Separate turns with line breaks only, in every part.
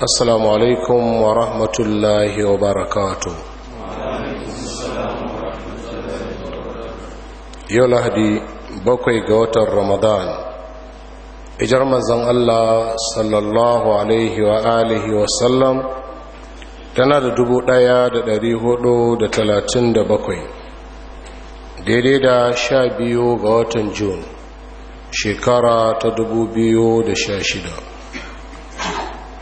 assalamu alaikum wa rahmatullahi wa barakatu yau lahadi bakwai ga watan ramadan ijar manzan allah sallallahu alaihi wa alihi wa sallam tana da dubu ɗaya da dari hudu da talatin da bakwai daidai da sha biyu ga watan Jun shekara ta dubu biyu da sha shida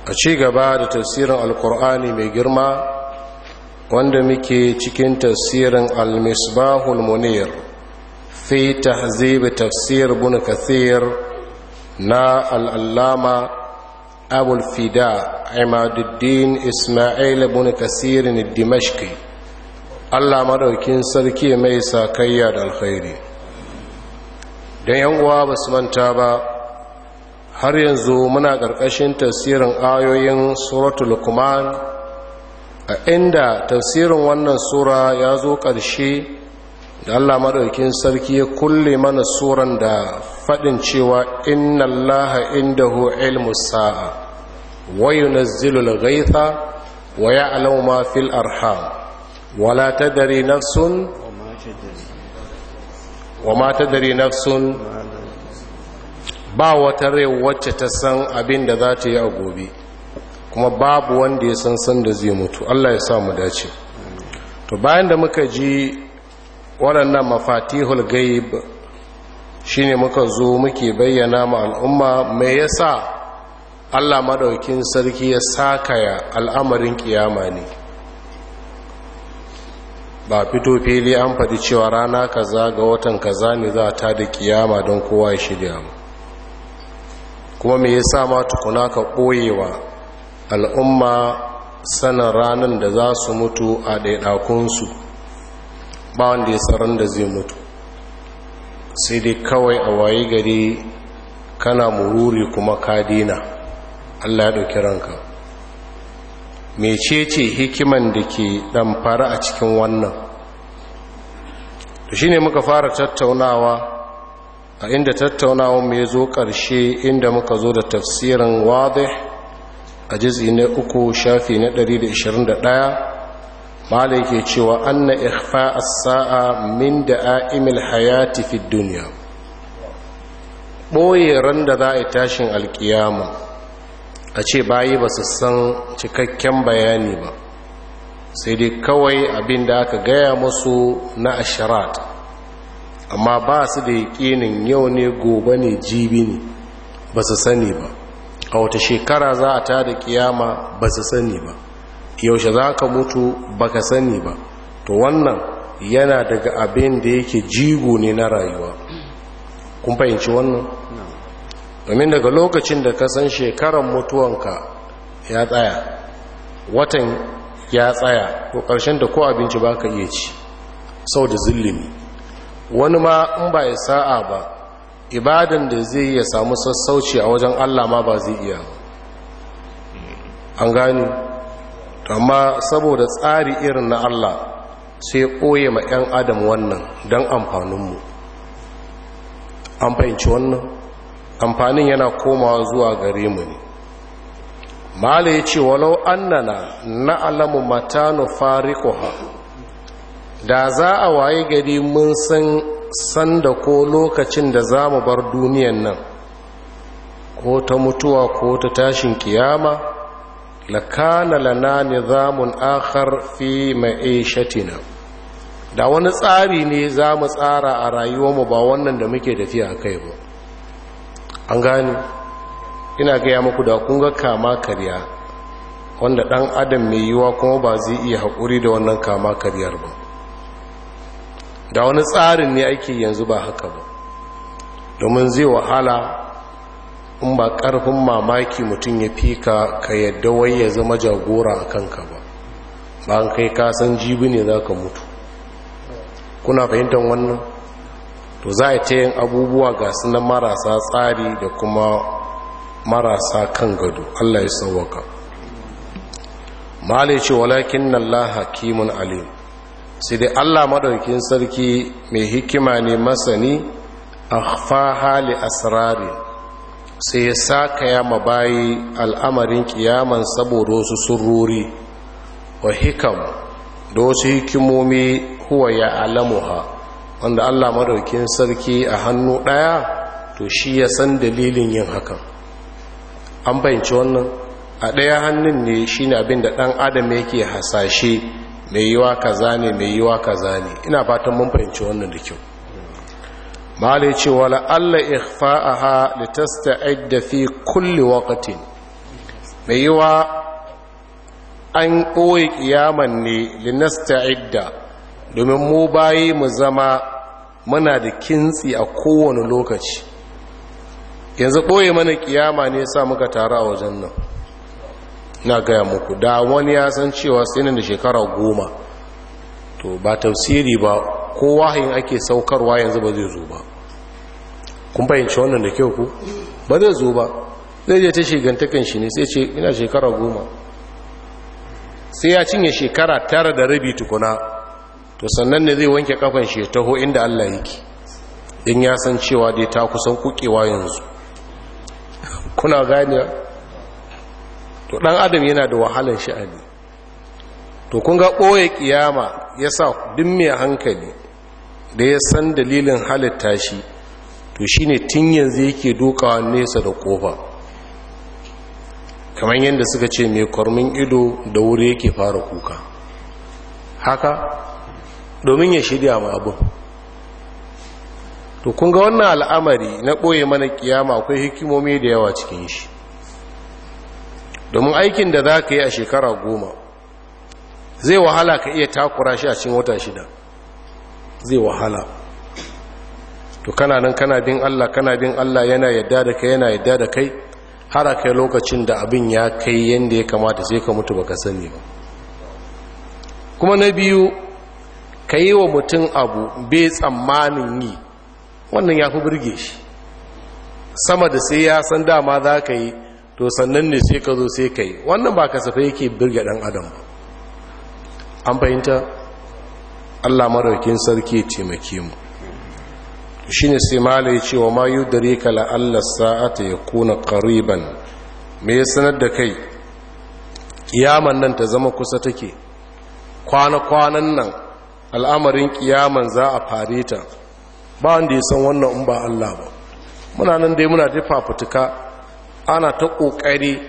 a ci gaba da tafsirin alkur'ani mai girma wanda muke cikin tafsirin al-misbahul munir fi tahzib tafsir ibn kathir na al-allama abul fida imaduddin isma'il ibn kathir dimashqi Allah madaukin sarki mai sakayya da alkhairi dan yan uwa basu manta ba har yanzu muna ƙarƙashin tafsirin ayoyin suratul kuman a inda tafsirin wannan sura ya zo ƙarshe da allah maɗaukin sarki ya kulle mana suran da faɗin cewa inna inda indahu ilmu sa'a wa yunazzilu al-ghaytha wa ya'lamu ma fil arham ولا تدري نفس ba wata rai wacce ta san abin da za ta yi a gobe kuma babu wanda ya san san da zai mutu Allah ya sa mu dace to bayan da muka ji waɗannan mafatihul gaib shine muka zo muke bayyana ma al'umma me yasa Allah maɗaukin sarki ya sakaya al'amarin ƙiyama ne ba fito fili an faɗi cewa rana kaza ga watan kaza ne za ta da ƙiyama don kowa ya shirya mu kuma me yasa ma tukuna ka koyewa al'umma sanin ranar da za su mutu a ɗaiɗakunsu ba wanda ya tsaron da zai mutu sai dai kawai a waye gari kana mururi kuma kadina allah ya ɗauki ranka ce hikiman da ke ɗamfara a cikin wannan da shi ne muka fara tattaunawa a inda tattaunawa mai zo ƙarshe inda muka zo da tafsirin wadih a jizi na uku shafi na 121 malai ke cewa an na ikhfa a saa min da da'imil hayati fi duniya. Ɓoye ran da za a yi tashin alkiyama a ce bayi ba su san cikakken bayani ba sai dai kawai abin da aka gaya musu na asharat amma ba su da ƙinin yau ne gobe ne jibi ne ba su sani ba a wata shekara za a da kiyama ba su sani ba yaushe za ka mutu ba ka sani ba to wannan yana daga abin da yake jigo ne na rayuwa kun fahimci wannan domin daga lokacin da ka san shekaran mutuwanka ya tsaya watan ya tsaya ko ƙarshen da ko abinci ba ka iya ci sau da zillimi wani ma in ba ya sa'a ba ibadan da zai ya samu sassauci a wajen Allah ma ba zai iya an gani amma saboda tsari irin na Allah sai koye ma 'yan adam wannan don amfaninmu an fahimci wannan amfanin yana komawa zuwa gare mu ne mala ya ce walau annana na alamu ko ha da za a waye gari mun san sanda ko lokacin da za mu bar duniyan nan ko ta mutuwa ko ta tashin kiyama lakana lana nizamun akhar fi ma'ishatina da wani tsari ne za mu tsara a mu ba wannan da muke tafiya a kai ba an gani ina gaya muku da kun ga kama karya wanda dan adam mai yiwa kuma ba zai iya haƙuri da wannan kama karyar ba da wani tsarin ne ake yanzu ba haka ba domin zai wahala in ba karfin mamaki mutum ya fi ka ka yadda wai ya zama jagora a kanka ba ba an kai kasan jibi ne za ka mutu kuna fahimtar wannan to za a ta yin abubuwa ga na marasa tsari da kuma marasa kan gado allah ya sauwaka ce walakin nan la hakimun alim sai dai allah maɗaukin sarki mai hikima ne masani a hali asirari sai ya saka ya bayi al'amarin kiyaman saboda wasu sururi wa hikam da wasu hikimomi huwa ya alamuha wanda allah maɗaukin sarki a hannu ɗaya to shi ya san dalilin yin hakan an bayanci wannan a ɗaya hannun ne shi ne abin da ɗan adam yake hasashe mai yiwa kaza ne mai yiwa kaza ne ina fatan mun fahimci wannan da kyau malai ce wala alla ikhfa'aha litasta'idda fi kulli waqtin mai yiwa an ɓoye ƙiyaman ne linasta'idda domin mu bayi mu zama muna da kintsi a kowane lokaci yanzu ɓoye mana ƙiyama ne sa muka taru a wajen nan na gaya muku da wani ya san cewa sai nan da shekara goma to ba tafsiri ba ko wahayin ake saukarwa yanzu ba zai zo ba kun fahimci wannan da kyau ku ba zai zo ba zai je ta shigantakan shi ne sai ce ina shekara goma sai ya cinye shekara tara da rabi tukuna to sannan ne zai wanke kafan shi taho inda Allah yake in ya san cewa dai ta kusan kukewa yanzu kuna gane to ɗan adam yana da wahalar sha'ani to kun ga ɓoye ƙiyama ya sa duk mai hankali da ya san dalilin halitta shi to shi ne tun yanzu yake dokawa nesa da ƙofa kamar yadda suka ce mai kwarmin ido da wuri yake fara kuka haka domin ya shirya ma abin to kun ga wannan al'amari na ɓoye mana ƙiyama akwai hikimomi da yawa cikin shi domin aikin da za ka yi a shekara goma zai wahala ka iya takura shi a cikin wata shida zai wahala to kana nan kana bin allah kana bin allah yana yadda da kai yana yadda da kai har a kai lokacin da abin ya kai yadda ya kamata sai ka mutu ba ka sani ba kuma na biyu ka yi wa mutum abu bai tsammanin yi wannan ya fi birge shi sama da sai ya san dama za ka yi to sannan ne sai ka zo sai ka wannan ba kasafai yake birge ɗan adam ba an fahimta allah maraukin sarki taimake mu shine sai mala ya ce wa ma yi dare ka Allah sa'ata ya kuna me ya sanar da kai kiyaman nan ta zama kusa take kwana-kwanan nan al'amarin kiyaman za a fare ta ba wanda ya san wannan in ba allah ba muna nan dai muna dafa fituka. ana ta ƙoƙari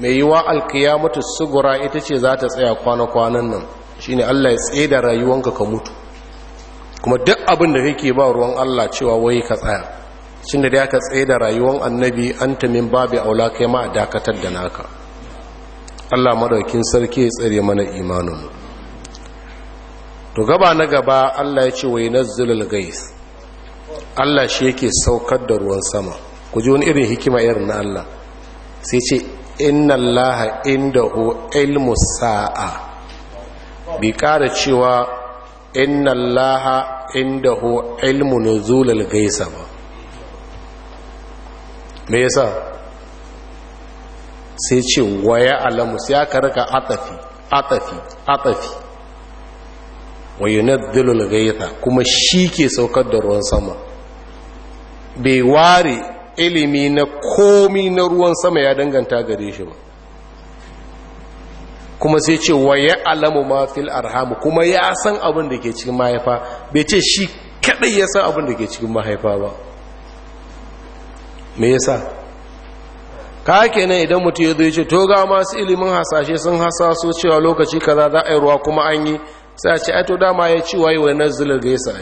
mai yiwa alkiyamatu sugura ita ce za ta tsaya kwana-kwanan nan ne, Allah ya tsaye da rayuwanka ka mutu kuma duk abin da kake ba ruwan Allah cewa wai ka tsaya shin da ya ka tsaye da rayuwan annabi an ta min babu aula kai ma a dakatar da naka Allah madaukin sarki ya tsare mana imanin to gaba na gaba Allah ya ce wai nazzulul gais Allah shi yake saukar da ruwan sama ku ji wani irin hikima irin na Allah sai ce inna Allah hu ilmu sa'a bi ƙara cewa inna Allah hu ilmu nuzulul gaisa ba me yasa sai ce waya alamu sai aka raka atafi atafi atafi wa yunaddilul gaitha kuma shi ke saukar da ruwan sama bai ware ilimi na komi na ruwan sama ya danganta gare shi ba kuma sai ce wa ya alamu ma fil arhamu kuma ya san abin da ke cikin mahaifa bai ce shi kadai ya san abin da ke cikin mahaifa ba me yasa ka kenan idan mutu ya zo ce to ga masu ilimin hasashe sun hasaso cewa lokaci kaza za a yi ruwa kuma an yi sai ce ai to dama ya ci waye wani nazilar gaisa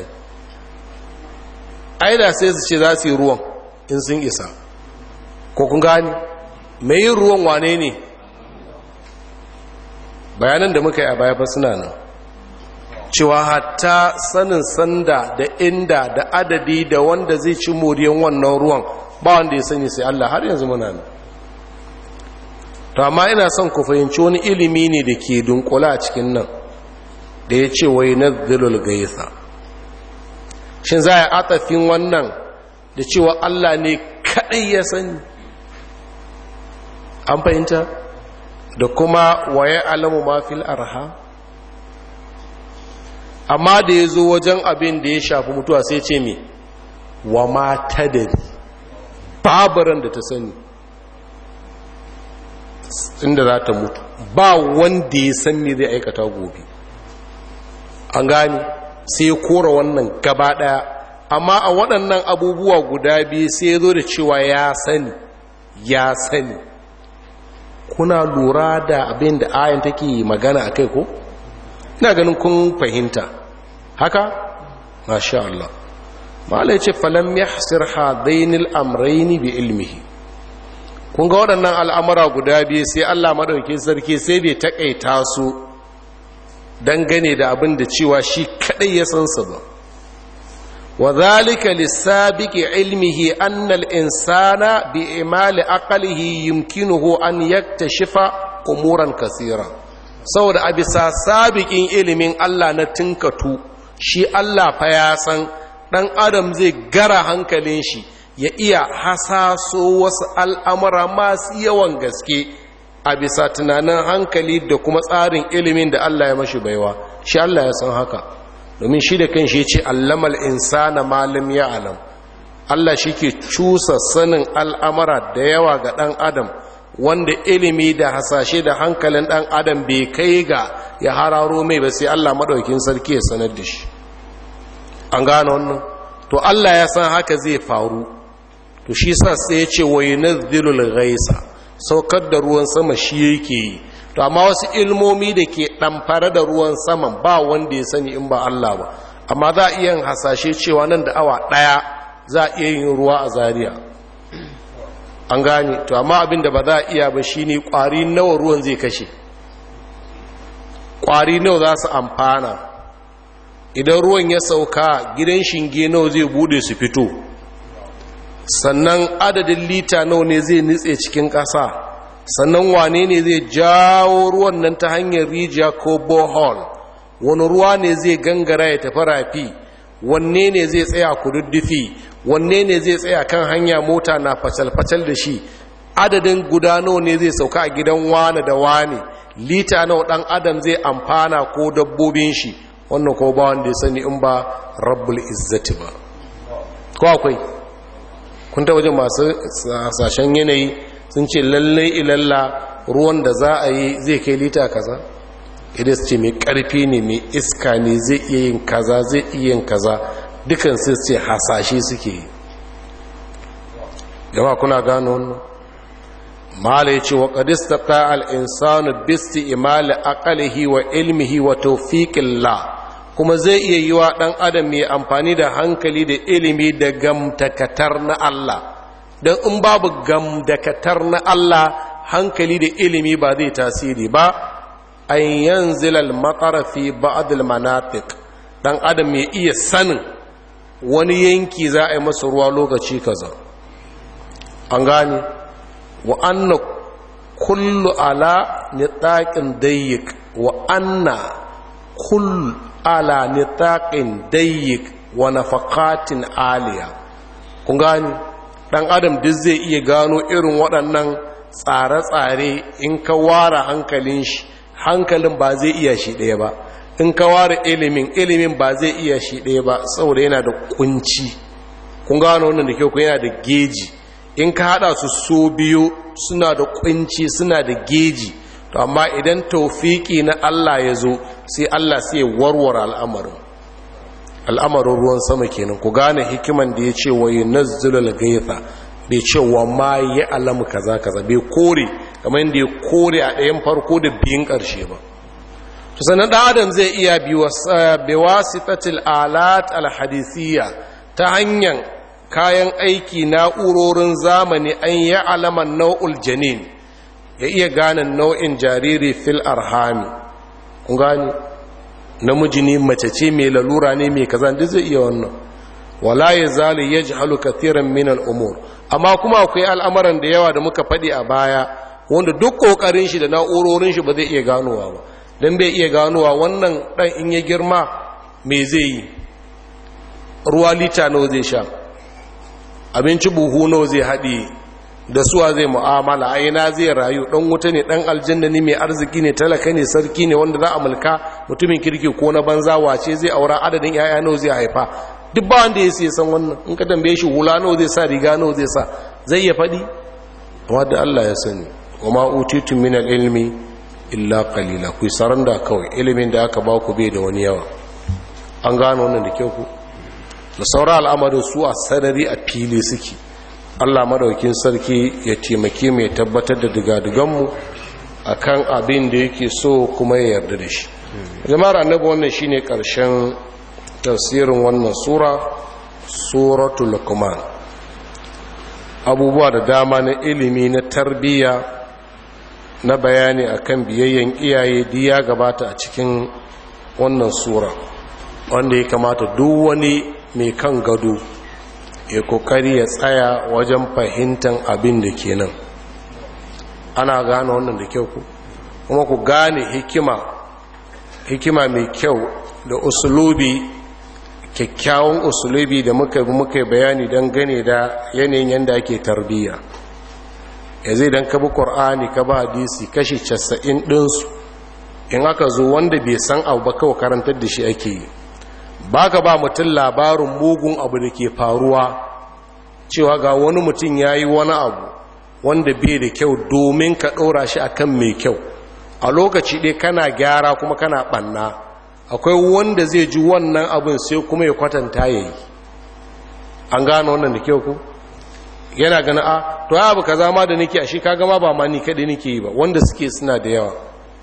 ai da sai su ce za su yi ruwan in sun isa ko kun gani mai yin ruwan wane ne bayanan da muka yi a baya ba suna nan cewa hatta sanin sanda da inda da adadi da wanda zai ci moriyan wannan ruwan ba wanda ya sani sai Allah har yanzu muna nan to amma ina son ku fahimci wani ilimi ne da ke dunkula a cikin nan da ya ce wai na zilul gaisa shin za a yi atafin wannan da cewa Allah ne kaɗai ya sani an fahimta da kuma waye alamu mafil arha amma da ya zo wajen abin da ya shafi mutuwa sai ce me wa mata da babaran da ta sani inda za ta mutu ba wanda ya sani zai aikata gobe an gane sai kora wannan gaba ɗaya amma a waɗannan abubuwa guda biyu sai zo da cewa ya sani ya sani kuna lura da abin da ayan take magana a kai ko ina ganin kun fahimta haka masha Allah ma'ala ce hasir ha zainil amraini bi ilmihi kun ga waɗannan al'amura guda biyu sai Allah maɗauki sarki sai bai taƙaita su dangane da abin da cewa shi kaɗai ya san su ba وذلك للسابق علمه أن الإنسان بإمال insana يمكنه أن يكتشف أمورا an yaktashifa umuran kasira saboda a bisa شي ilimin Allah na tinkatu shi Allah fa ya dan adam zai gara hankalin shi ya iya hasaso wasu al'amura masu yawan gaske a bisa tunanin hankali da kuma tsarin ilimin da Allah ya mashi baiwa shi Allah ya san haka domin shi da kan shi ce allamal insana malam ya alam Allah shi ke cusa sanin al'amara da yawa ga ɗan adam wanda ilimi da hasashe da hankalin ɗan adam bai kai ga ya hararo mai ba sai Allah maɗaukin sarki ya sanar da shi an gano wannan to Allah ya san haka zai faru to shi sa sai ya ce wa yunzilul gaisa saukar da ruwan sama shi yake yi to amma wasu ilmomi da ke ɗamfare da ruwan saman ba wanda ya sani in ba Allah ba amma za a iya hasashe cewa nan da awa ɗaya za a iya yin ruwa a zariya an gane to amma abin da ba za a iya ba shi ne ƙwari nawa ruwan zai kashe ƙwari nawa za su amfana idan ruwan ya sauka gidan shinge nawa zai bude su fito sannan adadin lita nawa ne zai nitse cikin ƙasa sannan wane ne zai jawo ruwan nan ta hanyar rijiya ko bohol wani ruwa ne zai gangara ya tafi rafi wanne ne zai tsaya kududdufi wanne ne zai tsaya kan hanya mota na facal-facal da shi adadin gudano ne zai sauka a gidan wane da wane lita nawa dan adam zai amfana ko dabbobin shi wannan ko ba wanda ya sani in ba rabbul izzati ba ko akwai kun ta wajen masu sashen yanayi sun ce lallai ilalla ruwan da za a yi zai kai lita kaza idan ce mai karfi ne mai iska ne zai iya yin kaza zai iya yin kaza dukan su ce hasashe suke yi gama kuna gano wannan mala ya ce wa ƙadista ta al'insanu bisti imali aƙalihi wa ilmihi wa taufiƙillah kuma zai iya yi wa ɗan adam mai amfani da hankali da ilimi da gamtakatar na Allah don in babu gamdakatar na Allah hankali da ilimi ba zai tasiri ba zilal yanzilal matarafi ba'adul manatik dan adam ya iya sanin wani yanki za a yi masa ruwa lokaci kaza an gane wa anna kullu ala nitaqin dayyik wa anna kullu ala nitaqin dayyik wa nafaqatin aliya kun gane dan adam duk zai iya gano irin waɗannan tsare-tsare in ka ware hankalin shi hankalin ba zai iya shi ɗaya ba in ka ware ilimin ilimin ba zai iya shi ɗaya ba saboda yana da kunci kun gano wannan da kyau kun yana da geji in ka haɗa su so biyu suna da kunci suna da geji to amma idan taufiki na Allah ya zo sai Allah sai warware al'amarin al'amarin ruwan sama kenan ku gane hikiman da ya ce wa gaifa da ya ce wa ma ya alamu kaza kaza bai kore kamar yadda ya kore a ɗayan farko da biyun ƙarshe ba to sannan ɗan adam zai iya eh, wasitatil alat alhadisiyya ta hanyar kayan aiki na'urorin zamani an yi alama nau'ul janin ya iya gane nau'in jariri fil arhami kun gane namiji ne mace ce mai lalura ne mai kaza duk zai iya wannan wala ya zali ya ji halu kathiran min umur amma kuma akwai al'amuran da yawa da muka faɗi a baya wanda duk ƙoƙarin shi da na'urorin shi ba zai iya ganowa ba don bai iya ganowa wannan ɗan in ya girma me zai yi ruwa lita nawa zai sha abinci buhu nawa zai haɗiye da suwa zai mu'amala a yana zai rayu dan wuta ne ɗan aljanna ne mai arziki ne talaka ne sarki ne wanda za a mulka mutumin kirki ko na banza wace zai aura adadin yaya nawa zai haifa duk ba wanda ya san wannan in ka tambaye shi hula nawa zai sa riga nawa zai sa zai ya faɗi amma da Allah ya sani kuma utitu min ilmi illa qalila ku saranda kawai ilimin da aka ba ku bai da wani yawa an gano wannan da kyau ku da saura al'amarin su a sarari a fili suke allah maɗaukin sarki ya taimake ya tabbatar da diga-diganmu a kan abin da yake so kuma ya yarda da shi jama'ar annabi wannan shine ƙarshen tafsirin wannan sura suratu lukman abubuwa da dama na ilimi na tarbiyya na bayani akan biyayyen iyaye ya gabata a cikin wannan sura wanda ya kamata duk wani mai kan gado ya kokari ya tsaya wajen fahimtar abin da ke nan ana gane wannan da kyau ku kuma ku gane hikima hikima mai kyau da usulubi kyakkyawan usulubi da muka yi muka bayani don gane da yanayin yadda ake tarbiyya ya zai don kaba ƙor'ani ka ba hadisi kashi casa'in ɗinsu in aka zo wanda bai san abu ba kawai karantar da shi ake yi ba ka ba mutum labarin mugun abu da ke faruwa cewa ga wani mutum ya yi wani abu wanda bai da kyau domin ka ɗora shi akan mai kyau a lokaci ɗaya kana gyara kuma kana ɓanna akwai wanda zai ji wannan abin sai kuma ya kwatanta ya yi an gano wannan da kyau ku yana gana a ah, to ya abu ka zama da nake a shi ka gama ba ma ni kaɗai nake yi ba wanda suke suna da yawa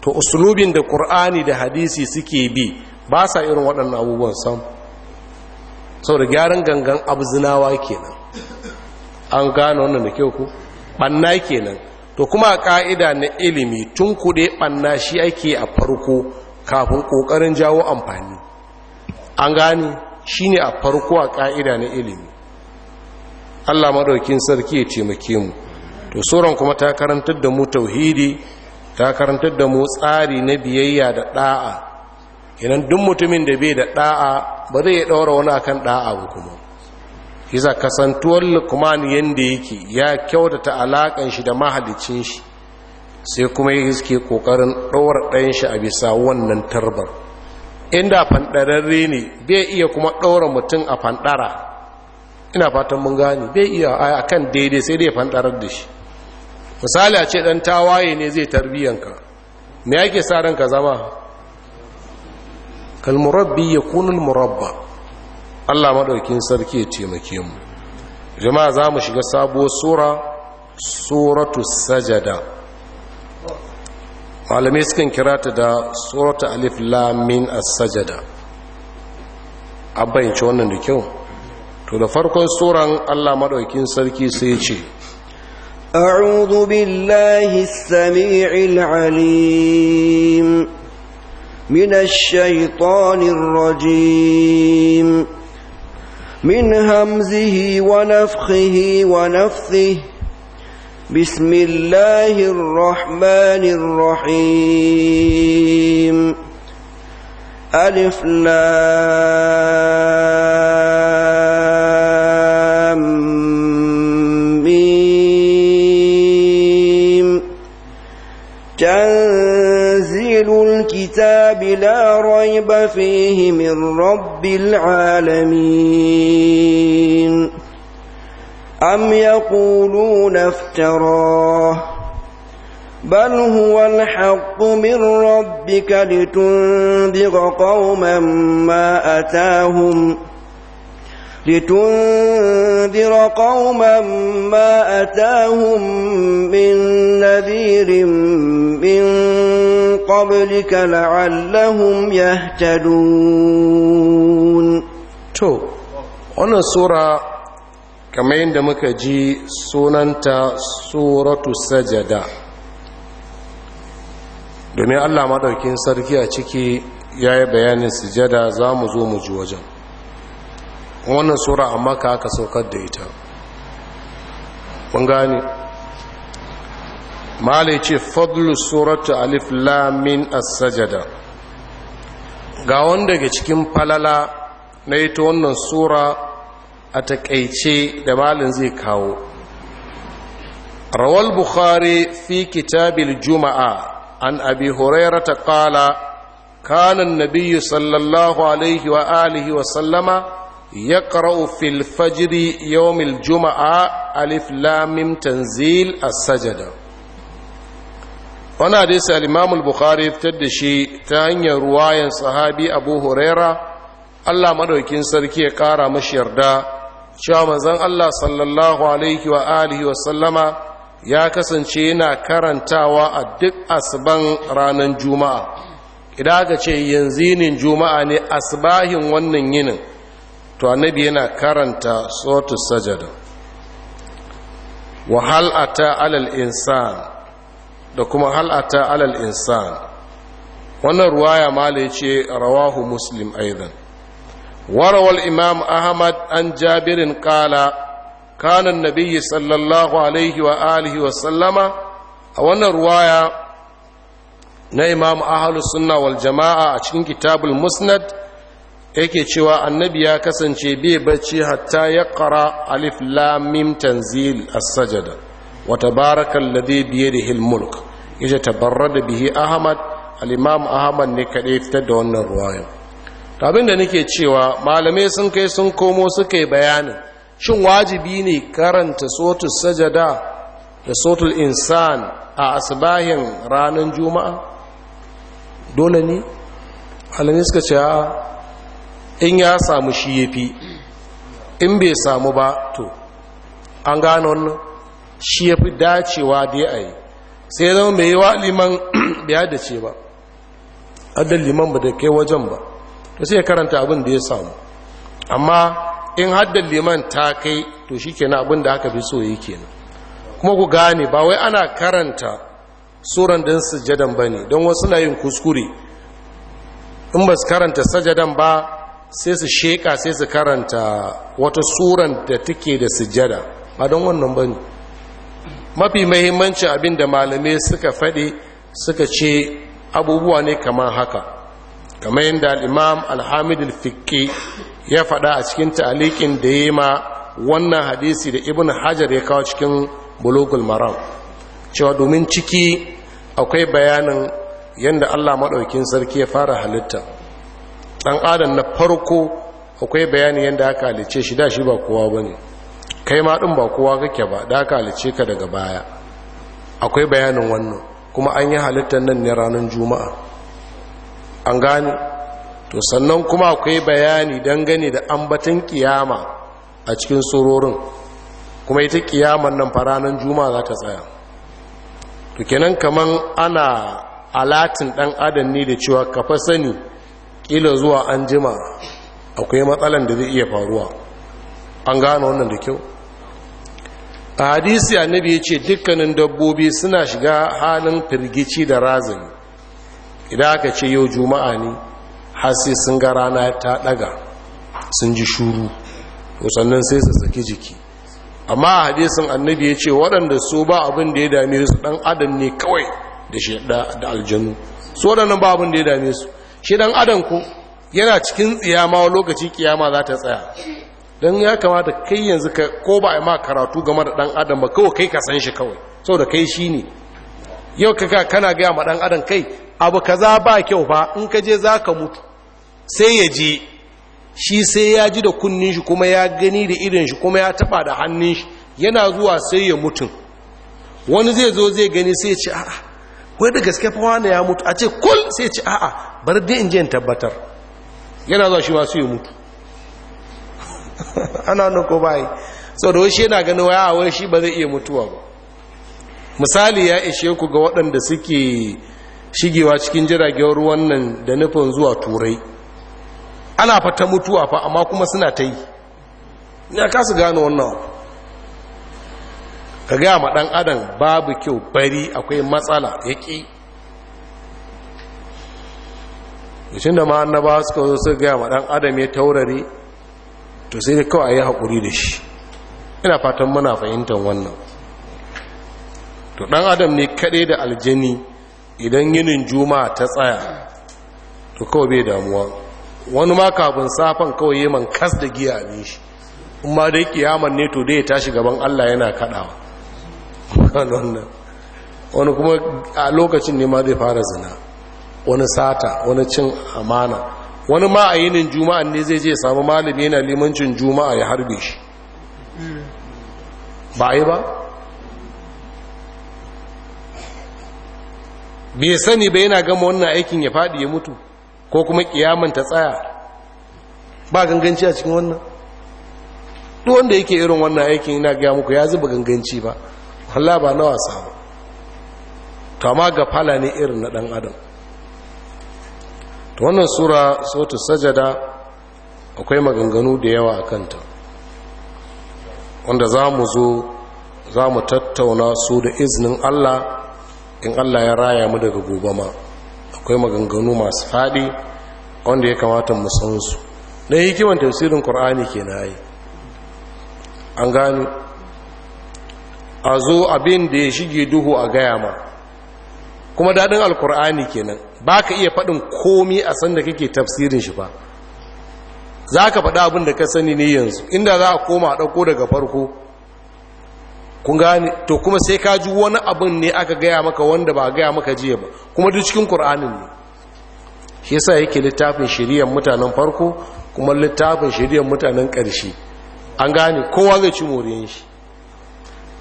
to usulubin da ƙur'ani da hadisi suke bi ba sa irin waɗannan abubuwan sam sau da gyaran gangan abzinawa kenan an gane wannan da kyau ku ɓanna kenan to kuma ƙa'ida na ilimi tun kuɗe ɓanna shi ake a farko kafin ƙoƙarin jawo amfani an gane shi ne a farko a ƙa'ida na ilimi allah maɗaukin sarki ya taimake mu to sauran kuma ta karantar da mu tauhidi ta karantar da mu tsari na biyayya da ɗa'a idan duk mutumin da bai da da'a ba zai daura wani akan da'a ba kuma kisa kasantuwar lukman yanda yake ya kyautata alakan shi da mahalicin shi sai kuma ya iske kokarin daura ɗayan shi a bisa wannan tarbar inda fandararre ne bai iya kuma daura mutum a fandara ina fatan mun gane bai iya a kan daidai sai dai fandarar da shi misali a ce dan tawaye ne zai tarbiyanka me yake sa ranka zama kalmurabbi ya kunul murabba allah maɗaukin sarki ya taimake mu jama'a za mu shiga sabuwar sura suratu sajada malamai sukan kira ta da suratu alif lamin as-sajada an bayyance wannan da kyau to da farkon suran allah maɗaukin sarki sai ce
أعوذ billahi sami'il alim من الشيطان الرجيم من همزه ونفخه ونفثه بسم الله الرحمن الرحيم ألف لام ميم تنزيل الكتاب الكتاب لا ريب فيه من رب العالمين أم يقولون افتراه بل هو الحق من ربك لتنذر قوما ما أتاهم لتنذر قوما ما أتاهم من نذير من قبلك لعلهم يهتدون تو
wannan sura kamar yadda muka ji sunanta suratu sajada domin allah maɗaukin sarki a ciki ya yi bayanin sujada za mu zo mu ji wajen wannan sura a maka aka saukar da ita mun gane mala ce fadlu suratu alif lamin as-sajada ga wanda daga cikin falala na ta wannan sura a takaice da malin zai kawo rawal bukhari fi kitabil juma'a an abi hurairata ta kala kanan nabi sallallahu alaihi wa alihi wa sallama يقرأ في الفجر يوم الجمعة ألف لام تنزيل السجدة وانا حديث الإمام البخاري تدشي تاني رواية صحابي أبو هريرة الله مدعو مدوكين سركي قارا مشيردا شاء منزان الله صلى الله عليه وآله وسلم يا كسن شينا karantawa a الدق أسبان ranar juma'a إذا aka ينزين yanzu yinin ونن ينن to annabi yana karanta suratul sajada wa hal ata alal insan da kuma hal ata alal insan wannan ruwaya mala yace rawahu muslim aidan وروى الإمام أحمد عن جابر قال كان النبي صلى الله عليه وآله وسلم أولا رواية na imam ahalu sunna wal jama'a a cikin kitabul musnad yake cewa annabi ya kasance bai bacci hatta ya kara alif lamim tanzil as-sajada wa tabaraka alladhi bi yadihi al-mulk yaje tabarrada bihi ahmad al-imam ahmad ne kadai fitar da wannan ruwayan abin da nake cewa malamai sun kai sun komo suka yi bayanin shin wajibi ne karanta sotu sajada da sotu insan a asbahin ranar juma'a dole ne malamai ce a. in ya samu shi ya fi in bai samu ba to an gano wannan shi ya fi dacewa da ya yi sai zama mai yiwa liman da ce ba adal liman ba da kai wajen ba to sai ya karanta abin da ya samu amma in haddal liman ta kai to shi kenan abin da aka fi so yi kenan kuma ku gane ba wai ana karanta suran din sujadan ba ne don wasu layin yin kuskure in ba su karanta sajadan ba sai su sheka sai su karanta wata suran da take da sujjada ba don wannan ba mafi mahimmancin abin da malamai suka faɗi suka ce abubuwa ne kamar haka kamar yadda al'imam alhamid al ya faɗa a cikin ta'alikin da ya ma wannan hadisi da ibn hajar ya kawo cikin bulogul maram cewa domin ciki akwai bayanin yadda allah maɗaukin sarki ya fara halitta dan adam na farko akwai bayani yadda aka halice shi da shi ba kowa ba kai ma ɗin ba kowa kake ba da aka halice ka daga baya akwai bayanin wannan kuma an yi halittar nan ne ranar juma'a an gane to sannan kuma akwai bayani dangane da ambatin kiyama a cikin surorin kuma ita kiyaman nan ranar juma'a za ta tsaya to kenan kaman ana alatin dan adam ne da cewa ka fa sani Ila zuwa an jima akwai matsalan da zai iya faruwa an gano wannan da kyau a hadisi annabi ya ce dukkanin dabbobi suna shiga halin firgici da razani idan aka ce yau juma'a ne hasi sun ga rana ta ɗaga sun ji shuru sannan sai su saki jiki amma a hadisin annabi ya ce waɗanda su ba abin da ya dame su ɗan adam ne kawai da shi da aljanu su waɗannan ba abin da ya dame su shi dan adam ko yana cikin tsiyama lokaci kiyama za ta tsaya don ya kamata kai yanzu ka ko ba a ma karatu game da ɗan adam ba kawai kai ka san shi kawai sau da kai shi ne yau kaka kana gaya ma ɗan adam kai abu za ba kyau ba, in ka je za ka mutu sai ya je shi sai ya ji da kunnin shi kuma ya gani da irin shi kuma ya taba da hannun shi yana zuwa sai ya mutu. wani zai zo zai gani sai ce a'a wai da gaske fa wani ya mutu a ce kul sai ci a'a bar dai in je in tabbatar yana zuwa shi masu ya mutu ana nan ko bayi sau da wasu yana ganin waya wai shi ba zai iya mutuwa ba misali ya ishe ku ga waɗanda suke shigewa cikin jiragen ruwan nan da nufin zuwa turai ana fata mutuwa fa amma kuma suna ta yi ya kasu gane wannan ka gaya ma ɗan adam babu kyau bari akwai matsala ya ƙi yacin da ba suka zo su gaya ma ɗan adam ya taurari to sai da kawai ya haƙuri da shi ina fatan muna fahimtar wannan to ɗan adam ne kaɗai da aljani idan yinin juma ta tsaya to kawai bai damuwa wani ma kafin safan kawai yi man kas da giya ne shi kuma da dai kiyaman ne to dai ya tashi gaban allah yana kaɗawa wani wannan wani kuma a lokacin ne ma zai fara zina wani sata wani cin amana wani ma a yinin juma'a ne zai je samu malami yana limancin juma'a ya harbe shi ba yi ba bai sani ba yana gama wannan aikin ya faɗi ya mutu ko kuma kiyaman ta tsaya ba ganganci a cikin wannan duk wanda yake irin wannan aikin ina gaya muku ya zuba ganganci ba Allah ba na wasa ba to amma ga fala ne irin na dan adam to wannan sura sautu sajada akwai maganganu da yawa a kanta wanda za mu zo za mu tattauna su da iznin Allah in Allah ya raya mu daga gobe ma akwai maganganu masu faɗi wanda ya kamata mu san su na hikiman tafsirin ƙur'ani ke na yi an gani a zo abin da ya shige duhu a gaya ma kuma daɗin alkur'ani kenan ba ka iya faɗin komi a sanda kake tafsirin shi ba za ka faɗa abin da ka sani ne yanzu inda za a koma a ɗauko daga farko kun gane to kuma sai ka ji wani abin ne aka gaya maka wanda ba gaya maka jiya ba kuma duk cikin ƙur'anin ne shi yasa yake littafin shiriyar mutanen farko kuma littafin shiriyar mutanen ƙarshe an gane kowa zai ci moriyan shi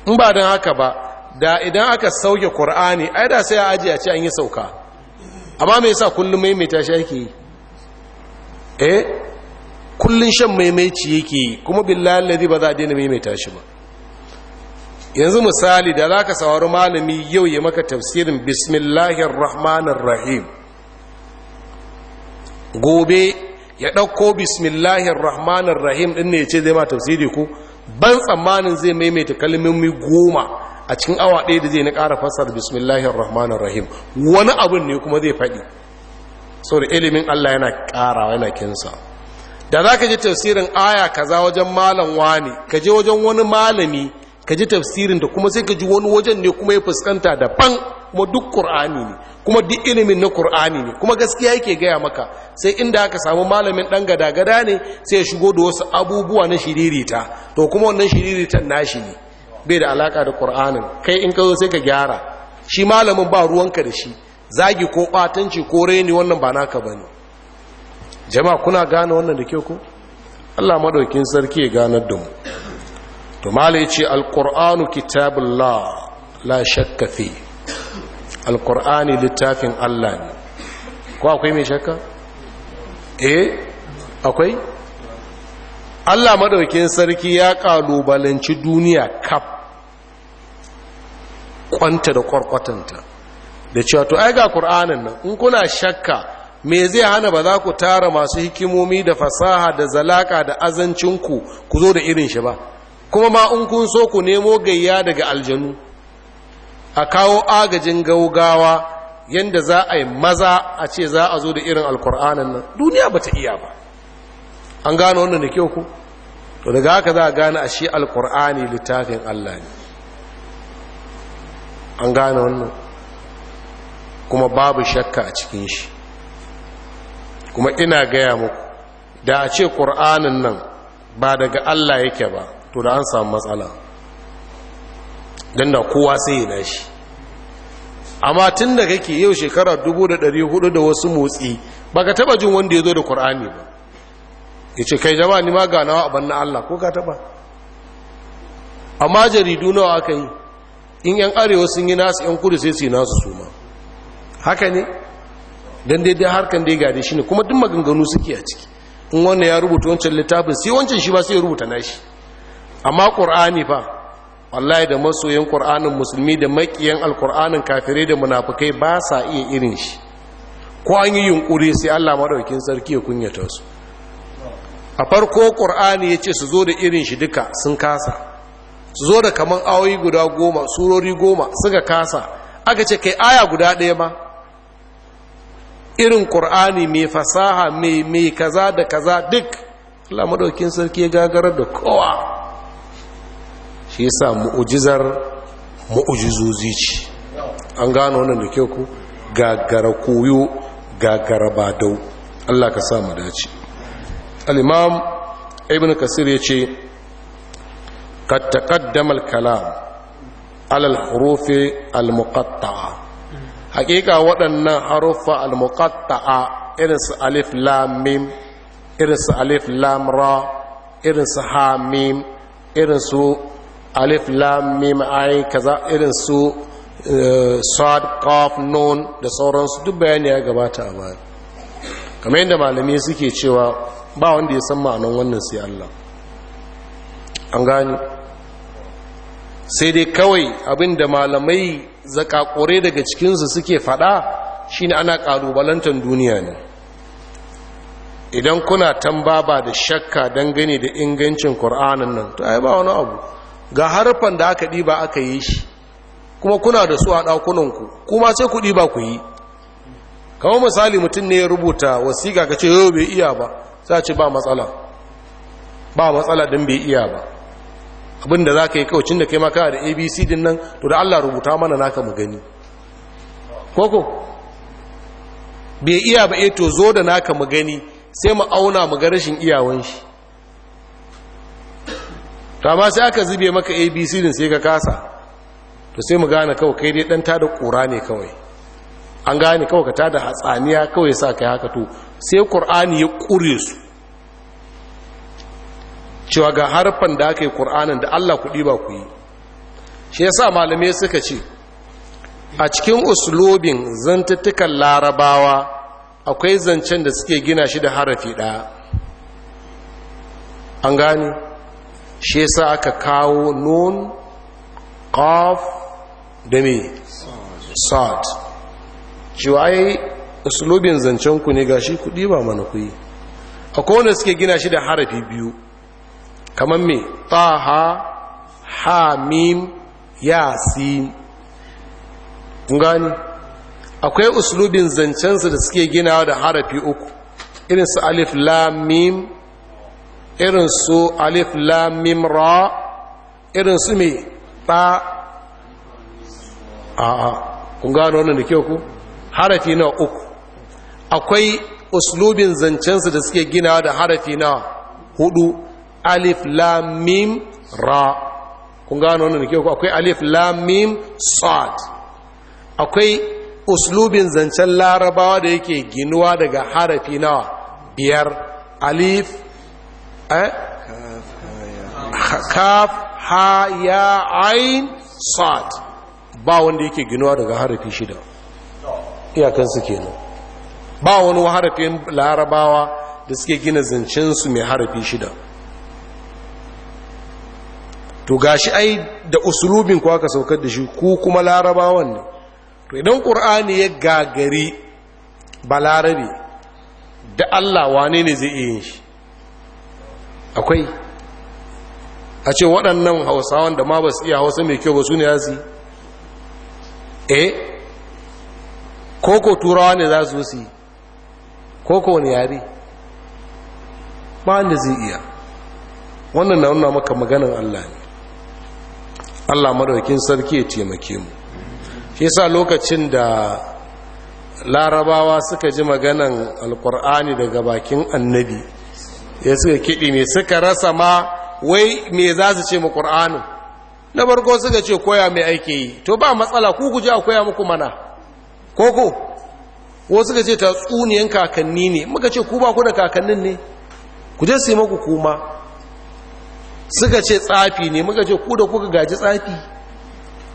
in ba don haka ba da idan aka sauke ƙur'ani ai da sai a ajiye ce an yi sauka amma mai sa kullum maimaita shi yake yi eh kullum shan maimaici yake yi kuma billahi ladi ba za a daina maimaita shi ba yanzu misali da za ka sauri malami yau ya maka tafsirin bismillahir rahmanir rahim gobe ya ɗauko bismillahir rahmanir rahim ɗin ne ya ce zai ma tafsiri ko ban tsammanin zai maimaita kalmomi goma a cikin awa ɗaya da zai na ƙara fasar bismillahir rahmanir rahim wani abin ne kuma zai faɗi saboda ilimin Allah yana ƙarawa yana kinsa da za ka ji tafsirin aya kaza wajen malam wani ka je wajen wani malami ka ji tafsirin da kuma sai ka ji wani wajen ne kuma ya fuskanta daban kuma duk ƙur'ani ne kuma duk ilimin na ƙur'ani ne kuma gaskiya yake gaya maka sai inda aka samu malamin ɗan gada-gada ne sai ya shigo da wasu abubuwa na shiririta to kuma wannan shiriritan nashi ne bai da alaka da ƙur'anin kai in ka zo sai ka gyara shi malamin ba ruwanka da shi zagi ko batanci ko reni wannan ba naka ne jama'a kuna gane wannan da kyau ko Allah maɗaukin sarki ya ganar da mu to malai ce alƙur'anu kitabullah la shakka fi alkur'ani littafin Allah ne ko akwai mai shakka eh akwai Allah madaukin sarki ya kalubalanci duniya kaf kwanta da kwarkwatanta da cewa to ai ga qur'anin nan in kuna shakka me zai hana ba za ku tara masu hikimomi da fasaha da zalaka da azancinku ku zo da irin shi ba kuma ma in kun so ku nemo gayya daga aljanu a kawo agajin gaugawa yadda za a yi maza a ce za a zo da irin alkur'anin nan duniya ba ta iya ba an gano wannan da kyau ku to daga haka za a gane a shi alkur'ani littafin allah ne an gane wannan kuma babu shakka a cikin shi kuma ina gaya muku da a ce ƙur'anin nan ba daga allah yake ba to da an samu matsala don da kowa sai yana shi amma tun da kake yau shekara dubu da wasu motsi ba ka taba jin wanda ya zo da ƙur'ani ba ya ce kai jama'a ni ma ganawa a na Allah ko ka taba amma jaridu nawa aka yi in yan arewa sun yi nasu yan kudu sai su yi nasu su ma haka ne don daidai harkar da ya gade shi ne kuma duk maganganu suke a ciki in wannan ya rubuta wancan littafin sai wancan shi ba sai ya rubuta nashi amma ƙur'ani fa wallahi da masoyin ƙur'anin musulmi da makiyan alkur'anin kafirai da munafukai ba sa iya irin shi ko an yi yunƙuri sai allah maɗaukin sarki ya kunyata su a farko ƙur'ani ya ce su zo da irin shi duka sun kasa su zo da kamar awoyi guda goma surori goma suka kasa aka ce kai aya guda ɗaya ma irin ƙur'ani mai fasaha mai kaza da kaza duk allah maɗaukin sarki ya gagarar da kowa shi yasa mu'ujizar mu'ujizozi ce an gano wannan da kyau ku gagara koyo gagara badau Allah ka sa mu dace al-imam ibn kasir yace kad taqaddama al-kalam ala al-huruf al-muqatta'a haqiqa waɗannan harufa al-muqatta'a irin su alif lam mim irin su alif lam ra irin su ha mim irin su alif lam mim ai kaza irin su eh, sad qaf nun da sauransu duk bayani ya gabata a baya kamar yadda malami suke cewa ba wanda ya san ma'anan wannan sai Allah an gani sai dai kawai abinda malamai zakakure daga cikinsu suke fada shine ana kalubalantar duniya ne idan kuna tambaba da shakka dangane da ingancin qur'anin nan to ai ba wani abu ga harfan da aka ɗiba aka yi shi kuma kuna da su a ɗakunanku kuma sai ku ɗiba ku yi kamar misali mutum ne ya rubuta wasiƙa ka ce yau oh, bai iya ba za ce ba matsala ba matsala don bai iya ba abinda za ka yi kawacin da kai maka da abc din nan to da allah rubuta mana naka mu gani koko bai iya ba eto eh, zo da naka mu gani sai mu auna mu ga rashin iyawan shi to amma sai aka zube maka abc din sai ka kasa to sai mu gane kawai kai dai dan tada kura ne kawai an gane kawai ka tada hatsaniya kawai sa kai haka to sai qur'ani ya kure su cewa ga harfan da aka yi qur'anin da Allah ku ba ku yi shi yasa malamai suka ce a cikin uslubin zantattukan larabawa akwai zancen da suke gina shi da harafi ɗaya an gane shi sa aka kawo nun ƙaf, da me sad cewa yi uslubin zancen ku ne gashi kudi ba mana ku yi akwai wanda suke gina shi da harafi biyu kamar me taha hamim yasin kun gani akwai uslubin zancensu da suke gina da harafi uku irin su alif lamim. mim irin su alif lamim ra irin su mai ta a'a kun gano wannan da kyau ku harafi na uku akwai uslubin zancensu da suke gina da harafi na hudu alif lamim ra kun gano wannan da kyau ku akwai alif lamim sad akwai uslubin zancen larabawa da yake ginuwa daga harafi na biyar alif Eh? kaf ha ya ain sad ba wanda yake ginuwa daga harafi shida iyakansu kenan ba wani harafin larabawa da suke gina zancensu mai harafi shida to gashi ai da usulubin ku aka saukar da shi ku kuma larabawan ne to idan qur'ani ya gagari balarabe da Allah wane ne zai iya yin shi akwai a ce waɗannan hausawan da ma ba su iya hausa mai kyau ba su ne za su yi eh koko turawa ne za su su yi koko wani yare ba wanda zai iya wannan na maka maganin allah ne allah maɗaukin sarki ya taimake mu shi sa lokacin da larabawa suka ji maganan alkur'ani daga bakin annabi ya suka kiɗi ne suka rasa ma wai me za su ce ma ƙur'anu? na farko suka ce koya mai aiki yi to ba matsala ku guji a koya muku mana koko ko suka ce ta tsuniyan kakanni ne muka ce ku ba ku da kakannin ne ku je su yi maku kuma suka ce tsafi ne muka ce ku da kuka gaji tsafi